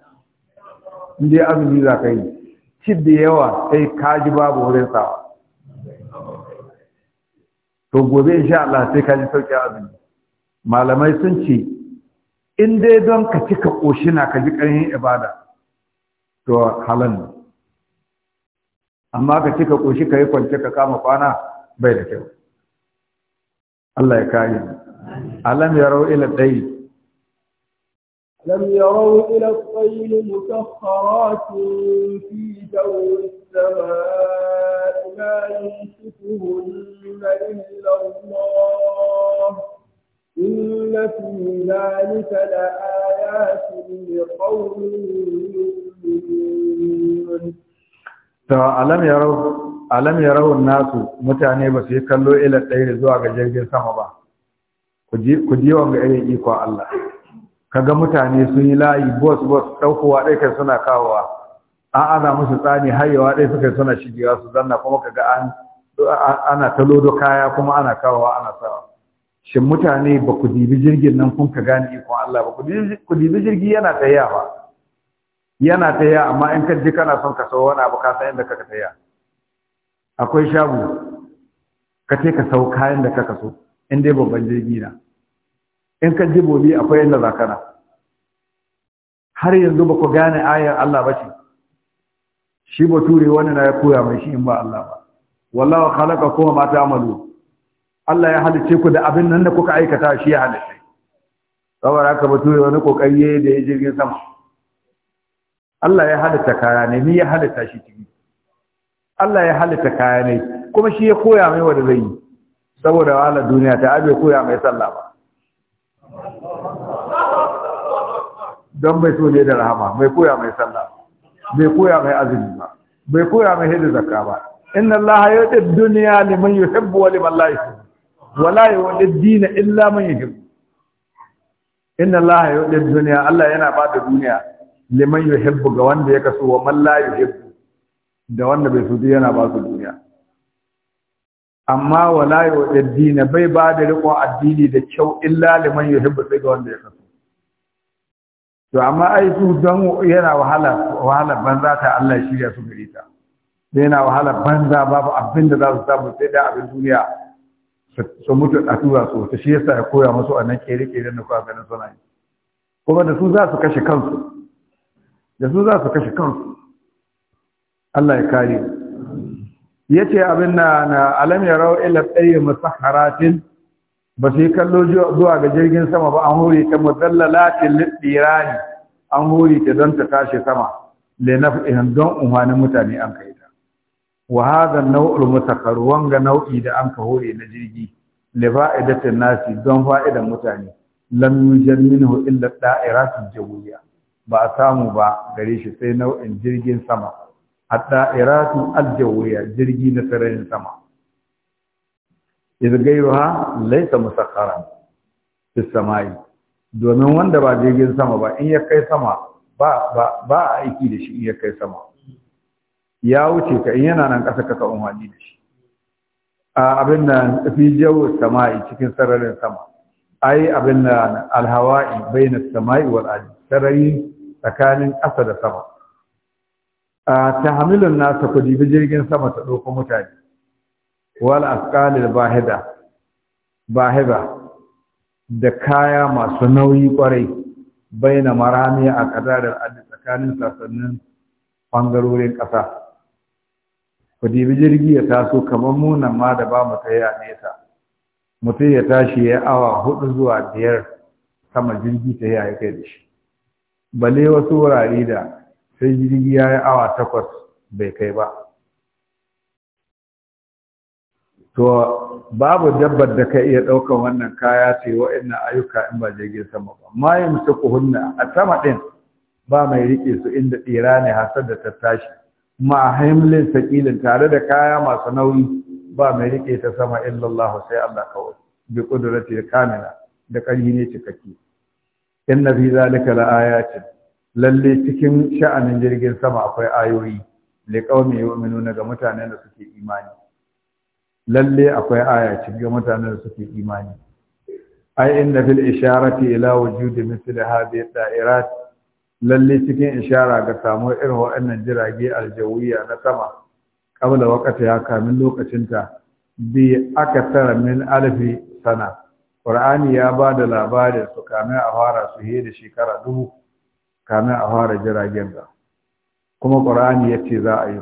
in dai azumi za ka yi ci da yawa sai ka ji babu wurin sawa to gobe in sha Allah sai ka ji sauki azumi malamai sun ce in dai don ka cika koshina ka ji ƙarfin ibada to halan amma ka cika koshi ka yi kwance ka kama kwana bai da kyau Allah ya kare alam yarau ila dai لم يروا إلى الطيل متخرات في جو السماء ما يمسكهن إلا الله إن في ذلك لآيات لقوم يؤمنون ألم يروا mutane ba الناس متعني بس يكلوا إلى zuwa ga jirgin sama ba, ku ji wanga irin iko Allah kaga mutane sun yi layi bos bos ɗaukowa ɗai kai suna kawowa an ana musu tsani hayewa ɗai suka suna shigewa su zanna kuma kaga an ana ta lodo kaya kuma ana kawowa ana sawa shin mutane ba ku dibi jirgin nan kun ka gane ikon Allah ba ku dibi jirgi yana tayya ba yana tayya amma in ka ji kana son ka sau wani abu ka san inda kaka tayya akwai shabu, ka ce ka sau kayan da kaka so in dai babban jirgi na in ka ji bobi akwai yadda za kana har yanzu ba ku gane ayar Allah ba ce shi ba ture wani na ya koya mai shi in ba Allah ba wallahu khalaqa kuma ma ta'malu Allah ya halice ku da abin nan da kuka aikata shi ya halice saboda haka ba ture wani kokari da ya jirgin sama Allah ya halitta kaya ne ni ya halitta shi ciki Allah ya halitta kaya ne kuma shi ya koya mai wanda zai yi saboda wahalar duniya ta abe koya mai sallah ba don bai so ne da rahama mai koya mai sallah mai koya mai azumi ba mai koya mai hidda zakka ba inna allaha yu'ti dunya liman yuhibbu wa liman la yuhibbu Wala la dina ad-din illa man yuhibbu inna allaha yu'ti dunya allah yana ba da duniya liman yuhibbu ga wanda ya kaso wa man la yuhibbu da wanda bai so yana ba su duniya amma wala dina bai ba da riƙon addini da kyau illa liman yuhibbu sai ga wanda ya kasu. to amma ai su don yana wahala wahala banza ta Allah shirya su gari ta yana wahala banza babu abin da za su samu sai da abin duniya su mutu a tura su ta shi yasa ya koya musu a nan kere-kere na kwa ganin suna yi kuma da su za su kashe kansu da su za su kashe kansu Allah ya kare mu yace abin na na alam yarau ila tayyi musahharatin ba sai kallo zuwa ga jirgin sama ba an hore ta mudallalatin lidirani an hore ta don ta tashi sama le nafihin don umarnin mutane an kai ta wa hadha nau'ul nawu wanga nau'i da an ka hore na jirgi le fa'idatin nasi don fa'idan mutane lam yujad minhu illa da'iratul jawiyya ba a samu ba gare shi sai nau'in jirgin sama at-ta'iratu al jirgi na sararin sama iz gairuha laysa musakkaran domin wanda ba jirgin sama ba in ya kai sama ba a aiki da shi in ya kai sama ya wuce ka in yana nan ƙasa kaka umarni da shi a abin da fi jawo sama'i cikin sararin sama ai abin da alhawa'i bainas sama'i wal sarari tsakanin ƙasa da sama ta hamilun nasa ku dibi jirgin sama ta ɗauko mutane wal asqalil bahida bahida da kaya masu nauyi kwarai baina marami a kadarar adi tsakanin sassanin bangarorin ƙasa ku dibi jirgi ya taso kamar munan ma da ba mu ta yi a nesa mutum ya tashi ya awa hudu zuwa biyar sama jirgi ta yi a kai da shi bale wasu wurare da sai jirgi ya yi awa takwas bai kai ba to babu dabbar da ka iya ɗaukar wannan kaya ce wa'annan ayyuka in ba jirgin sama ba ma yi musu kuhunna a sama ɗin ba mai riƙe su inda tsira ne hasar da ta tashi ma haimlin sakilin tare da kaya masu nauyi ba mai riƙe ta sama illallah sai Allah kawai bi kudurati kamila da ƙarfi ne cikakke inna fi zalika la ayatin lalle cikin sha'anin jirgin sama akwai ayoyi li qaumi yu'minuna ga mutanen da suke imani lalle akwai aya cikin mutanen da suke imani ai inda fil isharati ila wujudi misli hadhihi da'irat lalle cikin ishara ga samuwar irin waɗannan jirage aljawiya na sama kabla waƙata ya kamin lokacinta bi aka tara min alfi sana qur'ani ya ba da labarin su kamin a fara su da shekara dubu kamin a fara jiragen ga kuma ƙur'ani ya ce za a yi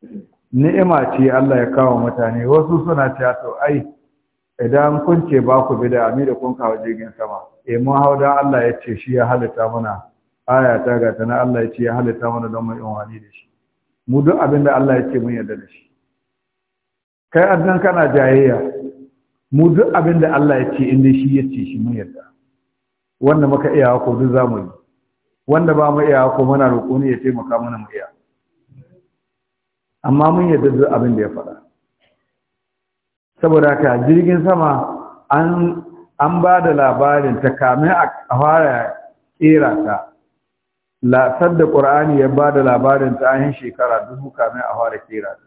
su ni'ima ce Allah ya kawo mutane wasu suna cewa to ai idan kun ce ba ku bi da ami da kun kawo jirgin sama eh mu hau don Allah ya ce shi ya halitta mana aya ta ga tana Allah ya ce ya halitta mana don mu yi da shi mu duk abin da Allah ya ce mun yarda da shi kai addan kana jayayya mu duk abin da Allah ya ce inda shi ya ce shi mun yarda wanda muka iya ko duk zamu yi wanda ba mu iya ko muna roƙo ne ya taimaka mana mu iya amma mun yarda duk abin da ya faɗa saboda ka jirgin sama an an ba da labarin ta kamin a fara kera ta lasar da ƙur'ani ya ba da labarin ta an shekara dubu kamin a fara kera ta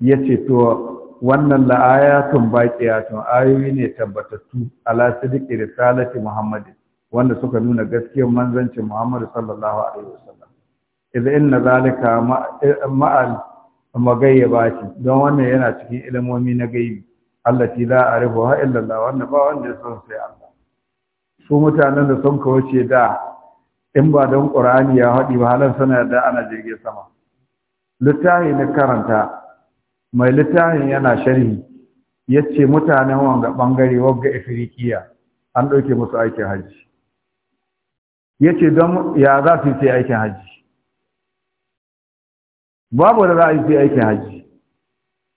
ya ce to wannan la'ayatun baqiyatun ayoyi ne tabbatattu ala sidqi risalati muhammad wanda suka nuna gaskiyar manzancin muhammad sallallahu alaihi wasallam idan inna zalika ma'al magayyabati don wannan yana cikin ilmomi na gaibi allati la arifuha illa Allah wannan ba wanda ya san sai Allah su mutanen da sun kawace da in ba don qur'ani ya haɗi ba halan sana da ana jirge sama littafi na karanta mai littafin yana sharhi ya ce mutanen wanga ɓangare wagga afirikiya an ɗauke musu aikin hajji ya ce don ya za su yi aikin hajji babu da za a yi aikin hajji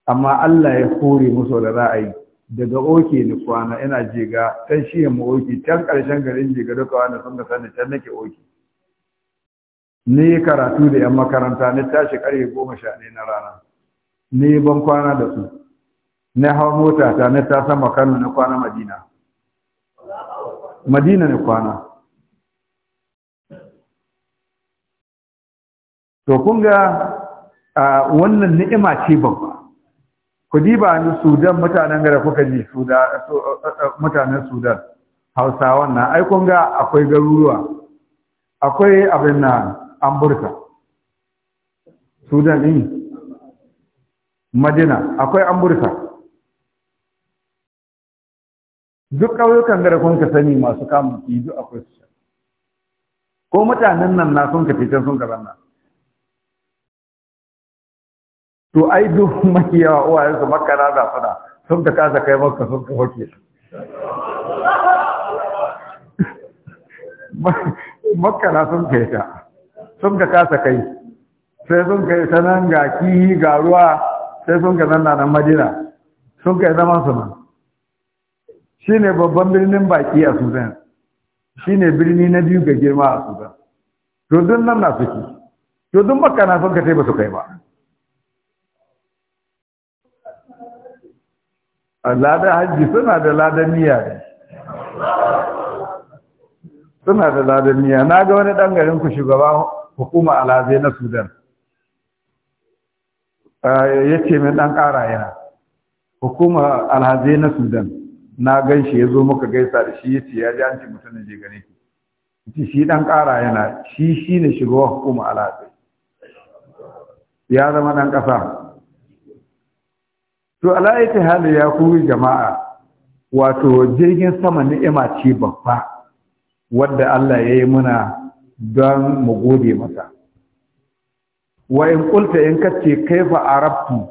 amma Allah ya kore musu da za a yi daga oke ni kwana ina je ga ɗan shi mu oke can ƙarshen garin je ga duka wanda sun ga sani can nake oke ni karatu da yan makaranta ni tashi ƙarfe goma sha ɗaya na rana ni ban kwana da su na hawa mota ta na ta sama Kano na kwana Madina Madina ne kwana to kun ga wannan ni'ima ce babba ku diba ni Sudan mutanen gara kuka ji mutanen Sudan hausa na ai kun ga akwai garuruwa akwai abin na Amurka Sudan din madina akwai amurka duk ƙauyukan gara kun ka sani masu kamun kiyi duk akwai su ko mutanen nan na sun ka fitan sun ka zanna to ai duk <laughs> mafi yawa uwa su makara da fada sun ka kasa kai maka sun ka hoke <laughs> makara sun yi ta sun ka kasa kai sai sun kai sanan ga kihi ga ruwa sai sun ka zanna nan madina sun kai zaman su nan shi ne babban birnin baki a sudan shi ne birni na biyu ga girma a sudan to dun nan na suke to dun makka na sun ka sai ba su kai ba ladan hajji suna da ladan niyya ne suna da ladan niyya na ga wani ɗan garin ku shugaban hukuma alaze na sudan Ah, ya ce min ɗan ƙara yana hukuma Alhaji na sudan na gan shi ya zo muka gaisa da shi ya ce ya ji an ce mutumin je gare ki shi ɗan ƙara yana shi shi ne hukuma Alhaji. ya zama ɗan ƙasa to ta hali ya kuri jama'a wato jirgin sama ni'ima ce babba wadda Allah ya yi muna don mu gode masa wa in qulta in kace kaifa arabtu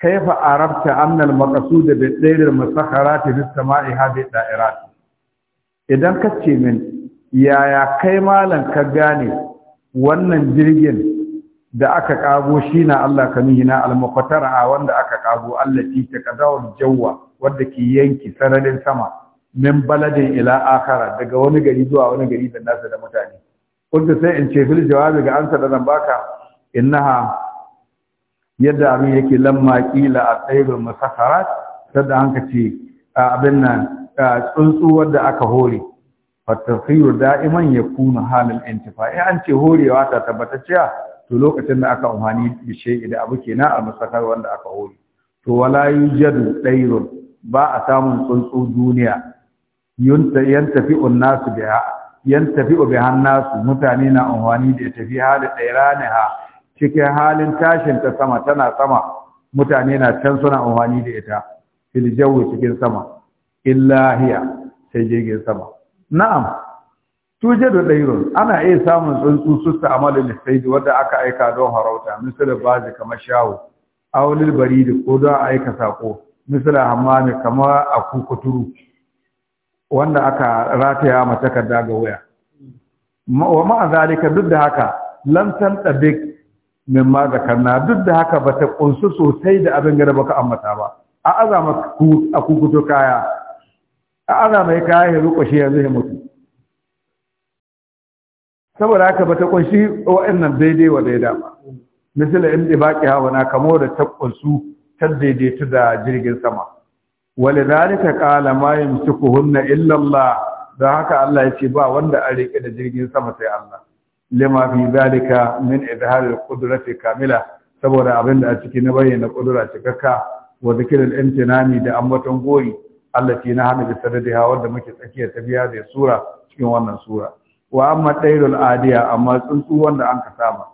kaifa arabta anna al maqsud bi dayr al musakharati sama'i hadi da'irat idan kace min yaya kai malan ka gane wannan jirgin da aka kago shi na Allah na al-muqtara wanda aka kago Allah ta takadawul jawwa wanda ke yanki sararin sama min baladin ila akhara daga wani gari zuwa wani gari da nasa da mutane kunta sai in ce fil jawabi ga ansa da zan baka innaha yadda abin yake lamma kila a tsayirin masakarat sadda an ka a abin nan tsuntsu wadda aka hore fatafiyu da'iman ya kuna halin intifa in an ce horewa ta tabbatacciya to lokacin da aka amfani da da abu kenan a masakar wanda aka hore to wala yujadu tsayrun ba a samun tsuntsu duniya Yan unnasu biha yantafi nasu mutane na amfani da tafi halin ha. cikin halin tashin ta sama tana sama mutane na can suna amfani da ita fil cikin sama illahiya sai jirgin sama na'am da dairun ana iya samun tsuntsu su ta amalin lissaidi wanda aka aika don harauta misali bazi kama shawo aulil baridi ko don aika sako misali hammami kamar a kukuturu wanda aka rataya mata takarda ga waya wa ma'a zalika duk da haka lam tantabik ga kanna, duk da haka bata kunsu sosai da abin gada baka ammata ba a azama ku a kukuto kaya a azama ya kaya ya rukwashe ya zai mutu saboda haka bata kunshi wa'annan daidai wa daida ba misali in ibaki hawa na kamo da ta kunsu ta daidaitu da jirgin sama ka kala ma yamsikuhunna illa Allah da haka Allah ya ce ba wanda a rike da jirgin sama sai Allah lima fi zalika min izhar al-qudrati kamila saboda abinda a ciki na bayyana kudura cikakka wa zikr al-imtinani da ambaton gori allati na hana da ha wanda muke tsakiyar tafiya da sura cikin wannan sura wa amma dairul adiya amma tsuntsu wanda an ka saba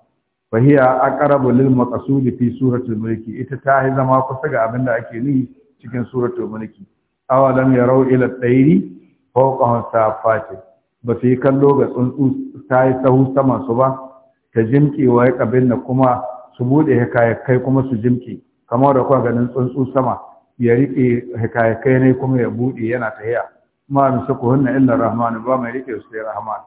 fa hiya aqrabu lil maqsudi fi suratul mulki ita ta yi zama kusa ga abinda ake ni cikin suratul mulki awalam yarau ila tsairi fawqa safatin ba su yi kallo ga tsuntsu ta yi sahu saman su ba ta jimki wa ya kabin da kuma su buɗe hekayakai kuma su jimki kamar da kuma ganin tsuntsu sama ya riƙe hikayakai ne kuma ya buɗe yana ta tahiya ma mi ku hunna illa rahmanu ba mai riƙe su ya rahman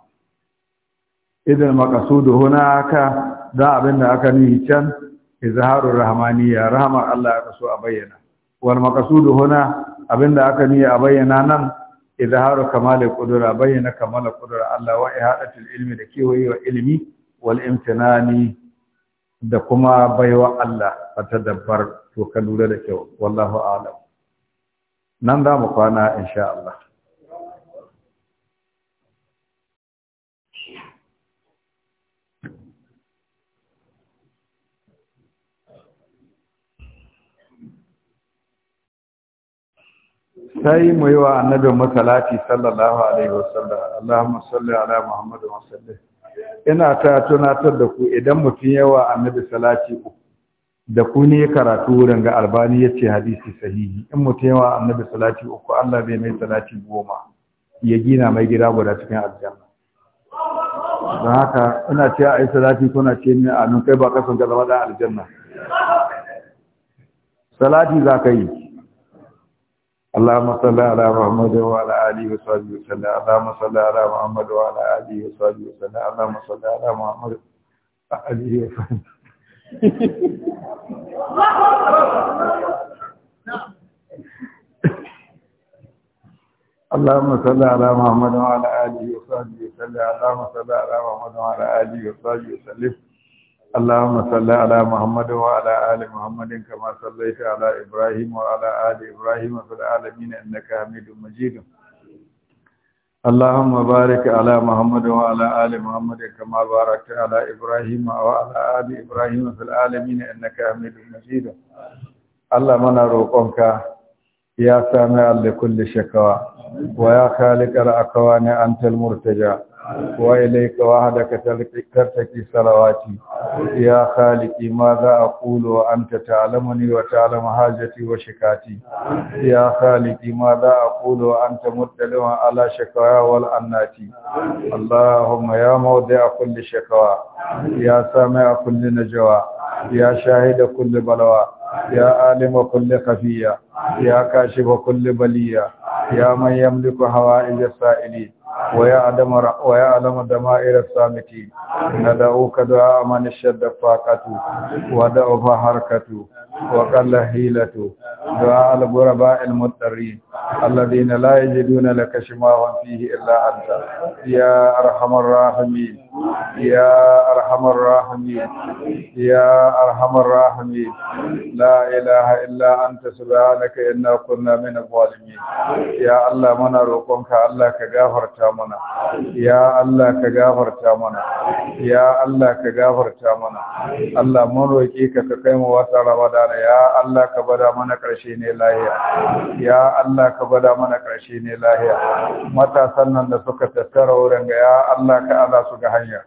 idan da huna ka da abin da aka nihi can izharur rahmaniyya Rahama Allah ya kaso a bayyana makasu da huna abin da aka nihi a bayyana nan izharu kamalil qudura bayyana kamalil qudura Allah wa ihadatul ilmi da kewaye wa ilmi wal imtinani da kuma baiwa Allah ta dabbar to ka lura da kyau wallahu a'lam nan za mu kwana insha Allah sai mu yi wa annabi masalati sallallahu alaihi wasallam Allahumma salli ala Muhammad wa ina ta tunatar da ku idan mutum yawa annabi salati uku da ku ne karatu wurin ga albani yace hadisi sahihi in mutum yawa annabi salati uku Allah bai mai salati goma ya gina mai gida guda cikin aljanna don haka ina ce a yi salati kuna ce ni a nun kai ba kasan ka zama da aljanna salati za ka yi اللهم صل على محمد وعلى آله وصحبه وسلم اللهم صل على محمد وعلى آله وصحبه وسلم اللهم صل على محمد وعلى آله وصحبه اللهم صل على محمد وعلى آله وصحبه وسلم اللهم صل على محمد وعلى آله وصحبه وسلم اللهم صل على محمد وعلى آل محمد كما صليت على إبراهيم وعلى آل إبراهيم في العالمين إنك حميد مجيد اللهم بارك على محمد وعلى آل محمد كما باركت على إبراهيم وعلى آل إبراهيم في العالمين إنك حميد مجيد اللهم نروقك يا سامع لكل شكوى ويا خالق الأكوان أنت المرتجى wa ilayka wahdaka tarki salawati ya khaliqi ma za aqulu wa anta ta'lamuni wa ta'lam hajati wa shikati ya khaliqi ma za aqulu wa anta muddalu ala shikaya wal annati allahumma ya mawdi'a kulli shikawa ya sami'a kulli najwa ya shahida kulli balawa ya alima kulli khafiya ya kashifa kulli baliya ya man hawa hawa'ij as-sa'ilin ويعلم ويعلم دمائر الصامتين ندعوك دعاء من اشتد فاقته وضعف حركته وقل هيلته دعاء الغرباء المضطرين الذين لا يجدون لك شماوا فيه الا انت يا ارحم الراحمين يا أرحم الراحمين يا أرحم الراحمين لا إله إلا أنت سبحانك إنا كنا من الظالمين يا الله منا روكونك الله كغافر تامنا يا الله كغافر تامنا يا الله كغافر تامنا الله من روكيك كقيم واسع رمضان يا الله كبدا منا كرشين لاهيا يا الله كبدا منا كرشين لاهيا متى سنن da suka tattara wurin ga ya Allah ka ala su ga hanya hanya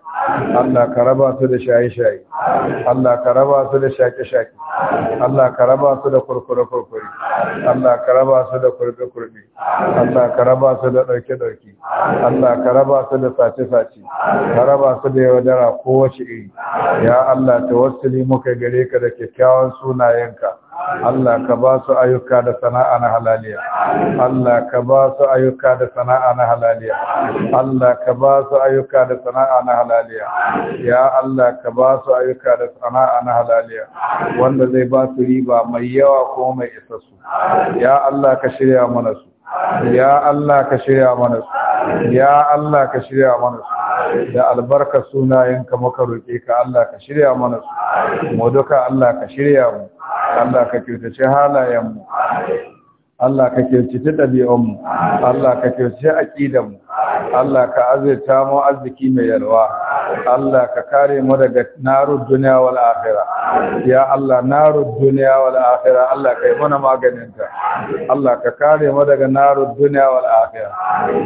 Allah ka raba su da shaye-shaye Allah ka raba su da shaƙe-shaƙe Allah ka raba su da kurkure-kurkure Allah ka raba su da kurbe-kurbe Allah ka raba su da ɗauke-ɗauke Allah ka raba su da sace-sace ka raba su da yaudara kowace iri ya Allah tawassuli muka gare ka da kyakkyawan sunayenka Allah ka ba su ayyuka da sana'a na halaliya Allah ka ba su ayyuka da sana'a na halaliya Allah ka ba su ayyuka da sana'a na halaliya ya Allah ka ba su ayyuka da sana'a na halaliya wanda zai ba su riba mai yawa ko mai isassu ya Allah ka shirya mana su ya Allah ka shirya mana su ya Allah ka shirya mana su da albarka ka muka roƙe ka Allah ka shirya mana su mu duka Allah ka shirya mu Allah ka kyautace halayen mu Allah ka kyautace ɗabi'un mu Allah ka kyautace aqidan mu Allah ka azurta mu arziki mai yalwa Allah ka kare mu daga narud duniya wal akhirah ya Allah narud duniya wal akhirah Allah kai mana maganinta Allah ka kare mu daga narud duniya wal akhirah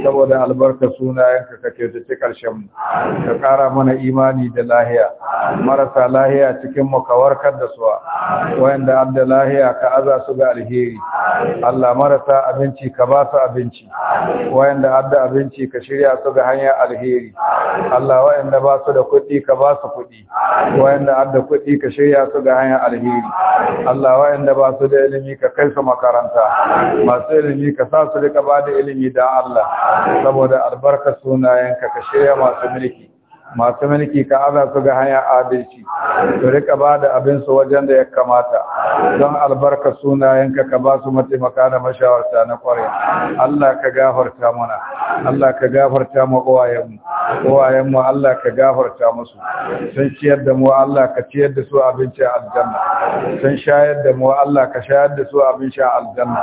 saboda albarka sunayenka kake ta cikar shan mu ka kara mana imani da lahiya marasa lahiya cikin mu ka warkar da su wayanda abda lahiya ka aza su ga alheri Allah marasa abinci ka ba su abinci wayanda abda abinci musulunci ka shirya su ga hanyar alheri Allah wa'anda ba su da kuɗi ka ba su kuɗi wa'anda adda kuɗi ka shirya su ga hanyar alheri Allah wa'anda ba su da ilimi ka kai su makaranta masu ilimi ka sa su rika ba da ilimi da Allah saboda albarka sunayenka ka shirya masu mulki masu mulki ka aza su ga hanya adalci su rika ba da abin su wajen da ya kamata don albarka sunayenka ka ba su mataimaka da mashawarta na kwarai Allah ka gafarta mana Allah ka gafarta mu uwayenmu uwayenmu Allah ka gafarta musu sun ciyar da mu Allah ka ciyar da su abinci a aljanna sun shayar da mu Allah ka shayar da su abinci a aljanna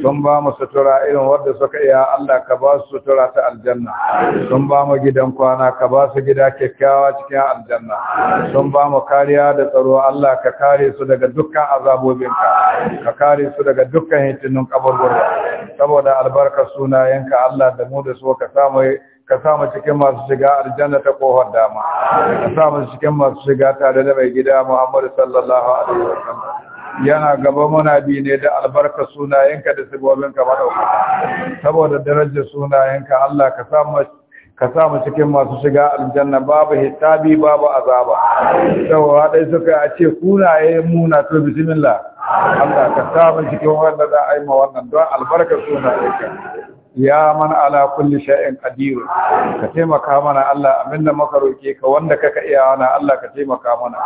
sun ba mu sutura irin wanda suka iya Allah ka ba su sutura ta aljanna sun ba mu gidan kwana ka ba su gida matashiya kyakkyawa cikin aljanna sun ba mu kariya da tsaro Allah ka kare su daga dukkan azabobinka ka kare su daga dukkan hitinin kaburbura saboda albarkar sunayenka Allah da mu da su ka samu ka samu cikin masu shiga aljanna ta kohar dama ka samu cikin masu shiga tare da mai gida Muhammadu sallallahu alaihi wasallam yana gaba muna bi ne da albarka sunayenka da sibobinka madaukaka saboda darajar sunayenka Allah ka samu ka sa mu cikin masu shiga aljanna babu hisabi babu azaba saboda dai suka a ce kunaye muna to bismillah Allah ka sa mu cikin wanda za a yi ma wannan don albarkar sunayenka ya man ala kulli shay'in qadir ka taimaka mana Allah da maka roke ka wanda kaka iya wana Allah ka taimaka mana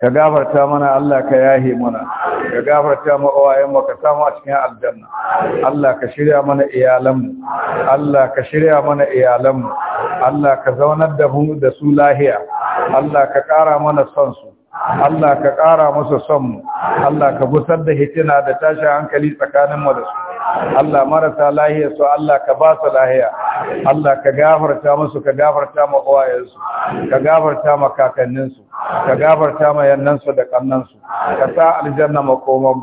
ka gafarta mana Allah ka yahe mana ka gafarta ma uwayen mu ka samu a cikin aljanna Allah ka shirya mana iyalan mu Allah ka shirya mana iyalan mu Allah ka zaunar da mu da su lahiya Allah ka ƙara mana son su Allah ka ƙara musu son mu Allah ka busar da hitina da tashin hankali tsakanin mu da su Allah marasa lahiya su Allah ka ba su lahiya Allah ka gafarta musu ka gafarta ma uwayensu ka gafarta ma kakanninsu ka gafarta ma yannansu da kannansu ka sa aljanna makoman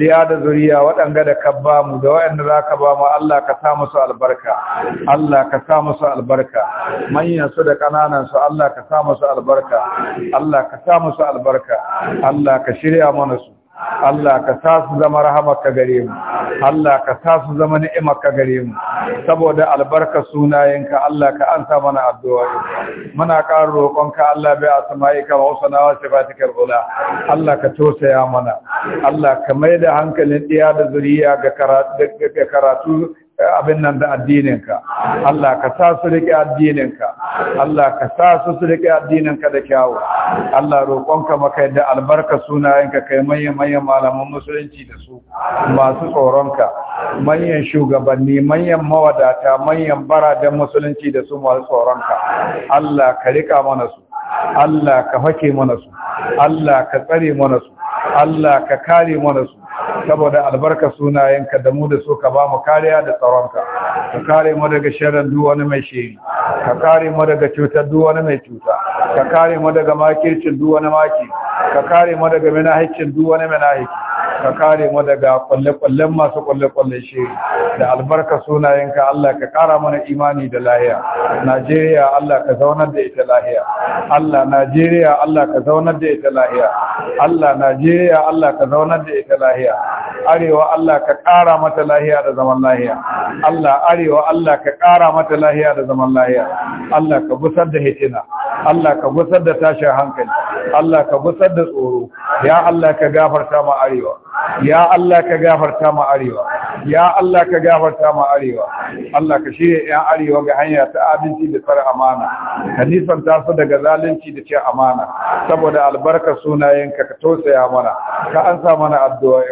diya da zuriya waɗanga da ka ba mu da wayanda za ka ba mu Allah ka sa musu albarka Allah ka sa musu albarka manyan su da kananan su Allah ka sa musu albarka Allah ka sa musu albarka Allah ka shirya mana su Allah ka sa su zama rahamarka gare mu Allah ka sa su zama ni'imarka gare mu saboda albarka sunayenka Allah ka ansa mana addu'a muna ƙara ka Allah bai asma'ika wa usana wa sifatika ula Allah ka tausaya mana Allah ka mai da hankalin ɗiya da zuriya ga karatu abin nan da addininka Allah ka sa su rike addininka Allah ka sa su su rike addininka da kyawu Allah roƙonka maka da albarka sunayenka kai manyan manyan malaman musulunci da su masu tsoronka manyan shugabanni manyan mawadata manyan baradan musulunci da su masu tsoronka Allah ka rika mana su Allah ka hake mana su Allah ka tsare mana su Allah ka kare mana su saboda albarka sunayenka da mu da su ka ba mu kariya da tsaronka ka kare mu daga sharrin duk wani mai shiri ka kare mu daga cutar duk wani mai cuta ka kare mu daga makircin duk wani maki ka kare mu daga minahicin duk wani ka kare mu daga kwalle-kwallen masu kwalle-kwalle shiri da albarka sunayenka Allah ka kara mana imani da lahiya Najeriya Allah ka zaunar da ita lahiya Allah Najeriya Allah ka zaunar da ita lahiya Allah Najeriya Allah ka zaunar da ita lahiya lahiya arewa Allah ka ƙara mata lahiya da zaman lahiya Allah arewa Allah ka ƙara mata lahiya da zaman lahiya Allah ka busar da hitina Allah ka busar da tashin hankali Allah ka busar da tsoro ya Allah ka gafarta ma arewa ya Allah ka gafarta ma arewa ya Allah ka gafarta ma arewa Allah ka shirya yan arewa ga hanya ta abinci da tsara amana ka nisanta su daga zalunci da ce amana saboda albarkar sunayenka ka tausaya mana ka ansa mana addu'a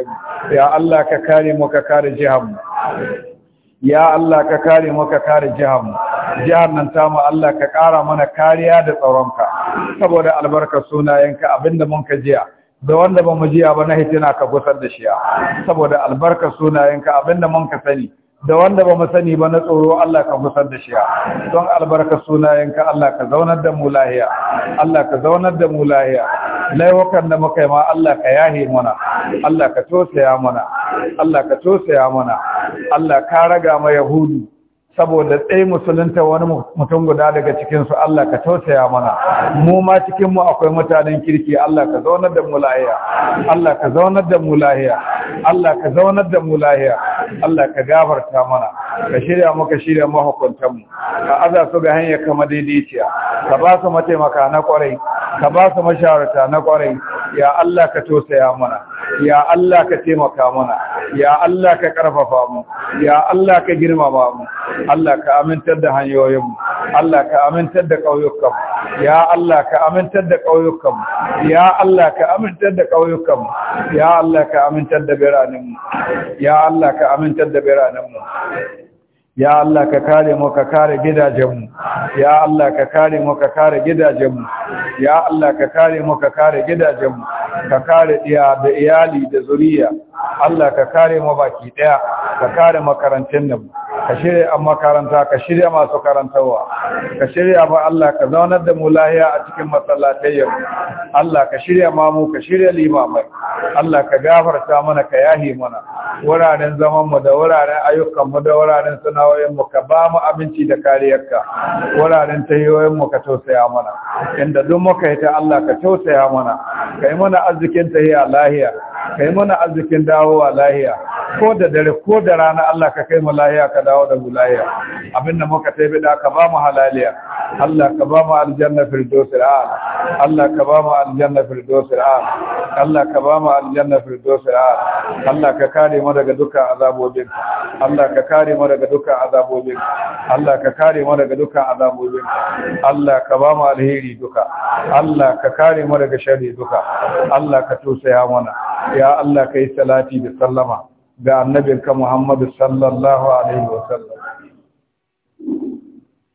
ya Allah ka kare mu ka kare jihar mu ya Allah ka kare mu ka kare jihar mu jihar nan tamu Allah ka kara mana kariya da tsaronka saboda albarkar sunayenka abinda mun ka jiya da wanda ba mu jiya ba na hitina ka gusar da shi saboda albarkar sunayenka abinda mun ka sani da wanda ba mu sani ba na tsoro Allah ka musar da shi don albarka sunayenka Allah ka zaunar da mu lahiya Allah ka zaunar da mu lahiya laiwakan da muka yi ma Allah ka yahe mana Allah ka tosaya mana Allah ka tosaya mana Allah ka raga ma yahudu saboda tsaye musulunta wani mutum guda daga cikinsu Allah ka tausaya mana mu ma cikinmu akwai mutanen kirki Allah ka zaunar da mu lahiya Allah ka zaunar da mu lahiya Allah ka zaunar da mu lahiya Allah ka gafarta mana ka shirya mu ka shirya hukuntar mu ka aza su ga hanyar kama daidaiciya ka ba su mataimaka na kwarai ka ba su masharata na kwarai ya Allah ka tausaya mana ya Allah ka taimaka mana ya Allah ka karfafa mu ya Allah ka girmama mu Allah ka amintar da hanyoyinmu Allah ka amintar da ƙauyukanmu ya Allah ka amintar da ƙauyukanmu ya Allah ka amintar da ƙauyukanmu ya Allah ka amintar da biranenmu ya Allah ka amintar da biranenmu ya Allah ka kare mu ka kare gidajenmu ya Allah ka kare mu ka kare gidajenmu ya Allah ka kare mu ka kare gidajenmu ka kare iya da iyali da zuriya Allah ka kare mu baki daya ka kare makarantun nan ka shirya a makaranta ka shirya masu karantawa ka shirya ba Allah ka zaunar da mu lahiya a cikin masallatai yau Allah ka shirya mamu ka shirya limamai Allah ka gafarta mana ka yahi mana wuraren zaman mu da wuraren ayyukan mu da wuraren suna. dawoyin mu ka ba mu aminci da kariyarka wuraren tayoyin mu ka tausaya mana inda duk muka yi ta Allah ka tausaya mana kai mana arzikin tahiya lahiya kai mana arzikin dawowa lahiya ko da dare ko da rana Allah ka kai mu lahiya ka dawo da mu lahiya abinda muka taibi da ka ba mu halaliya Allah ka ba mu aljanna firdaus al'ala Allah ka ba mu aljanna firdaus al'ala Allah ka ba mu aljanna firdaus al'ala Allah ka kare mu daga dukkan azabobin Allah ka kare mu daga dukkan dukkan azabobin Allah ka kare mu daga dukkan azabobin Allah ka ba mu alheri duka Allah ka kare mu daga sharri duka Allah ka tausaya mana ya Allah ka yi salati da sallama ga annabinka Muhammad sallallahu alaihi wasallam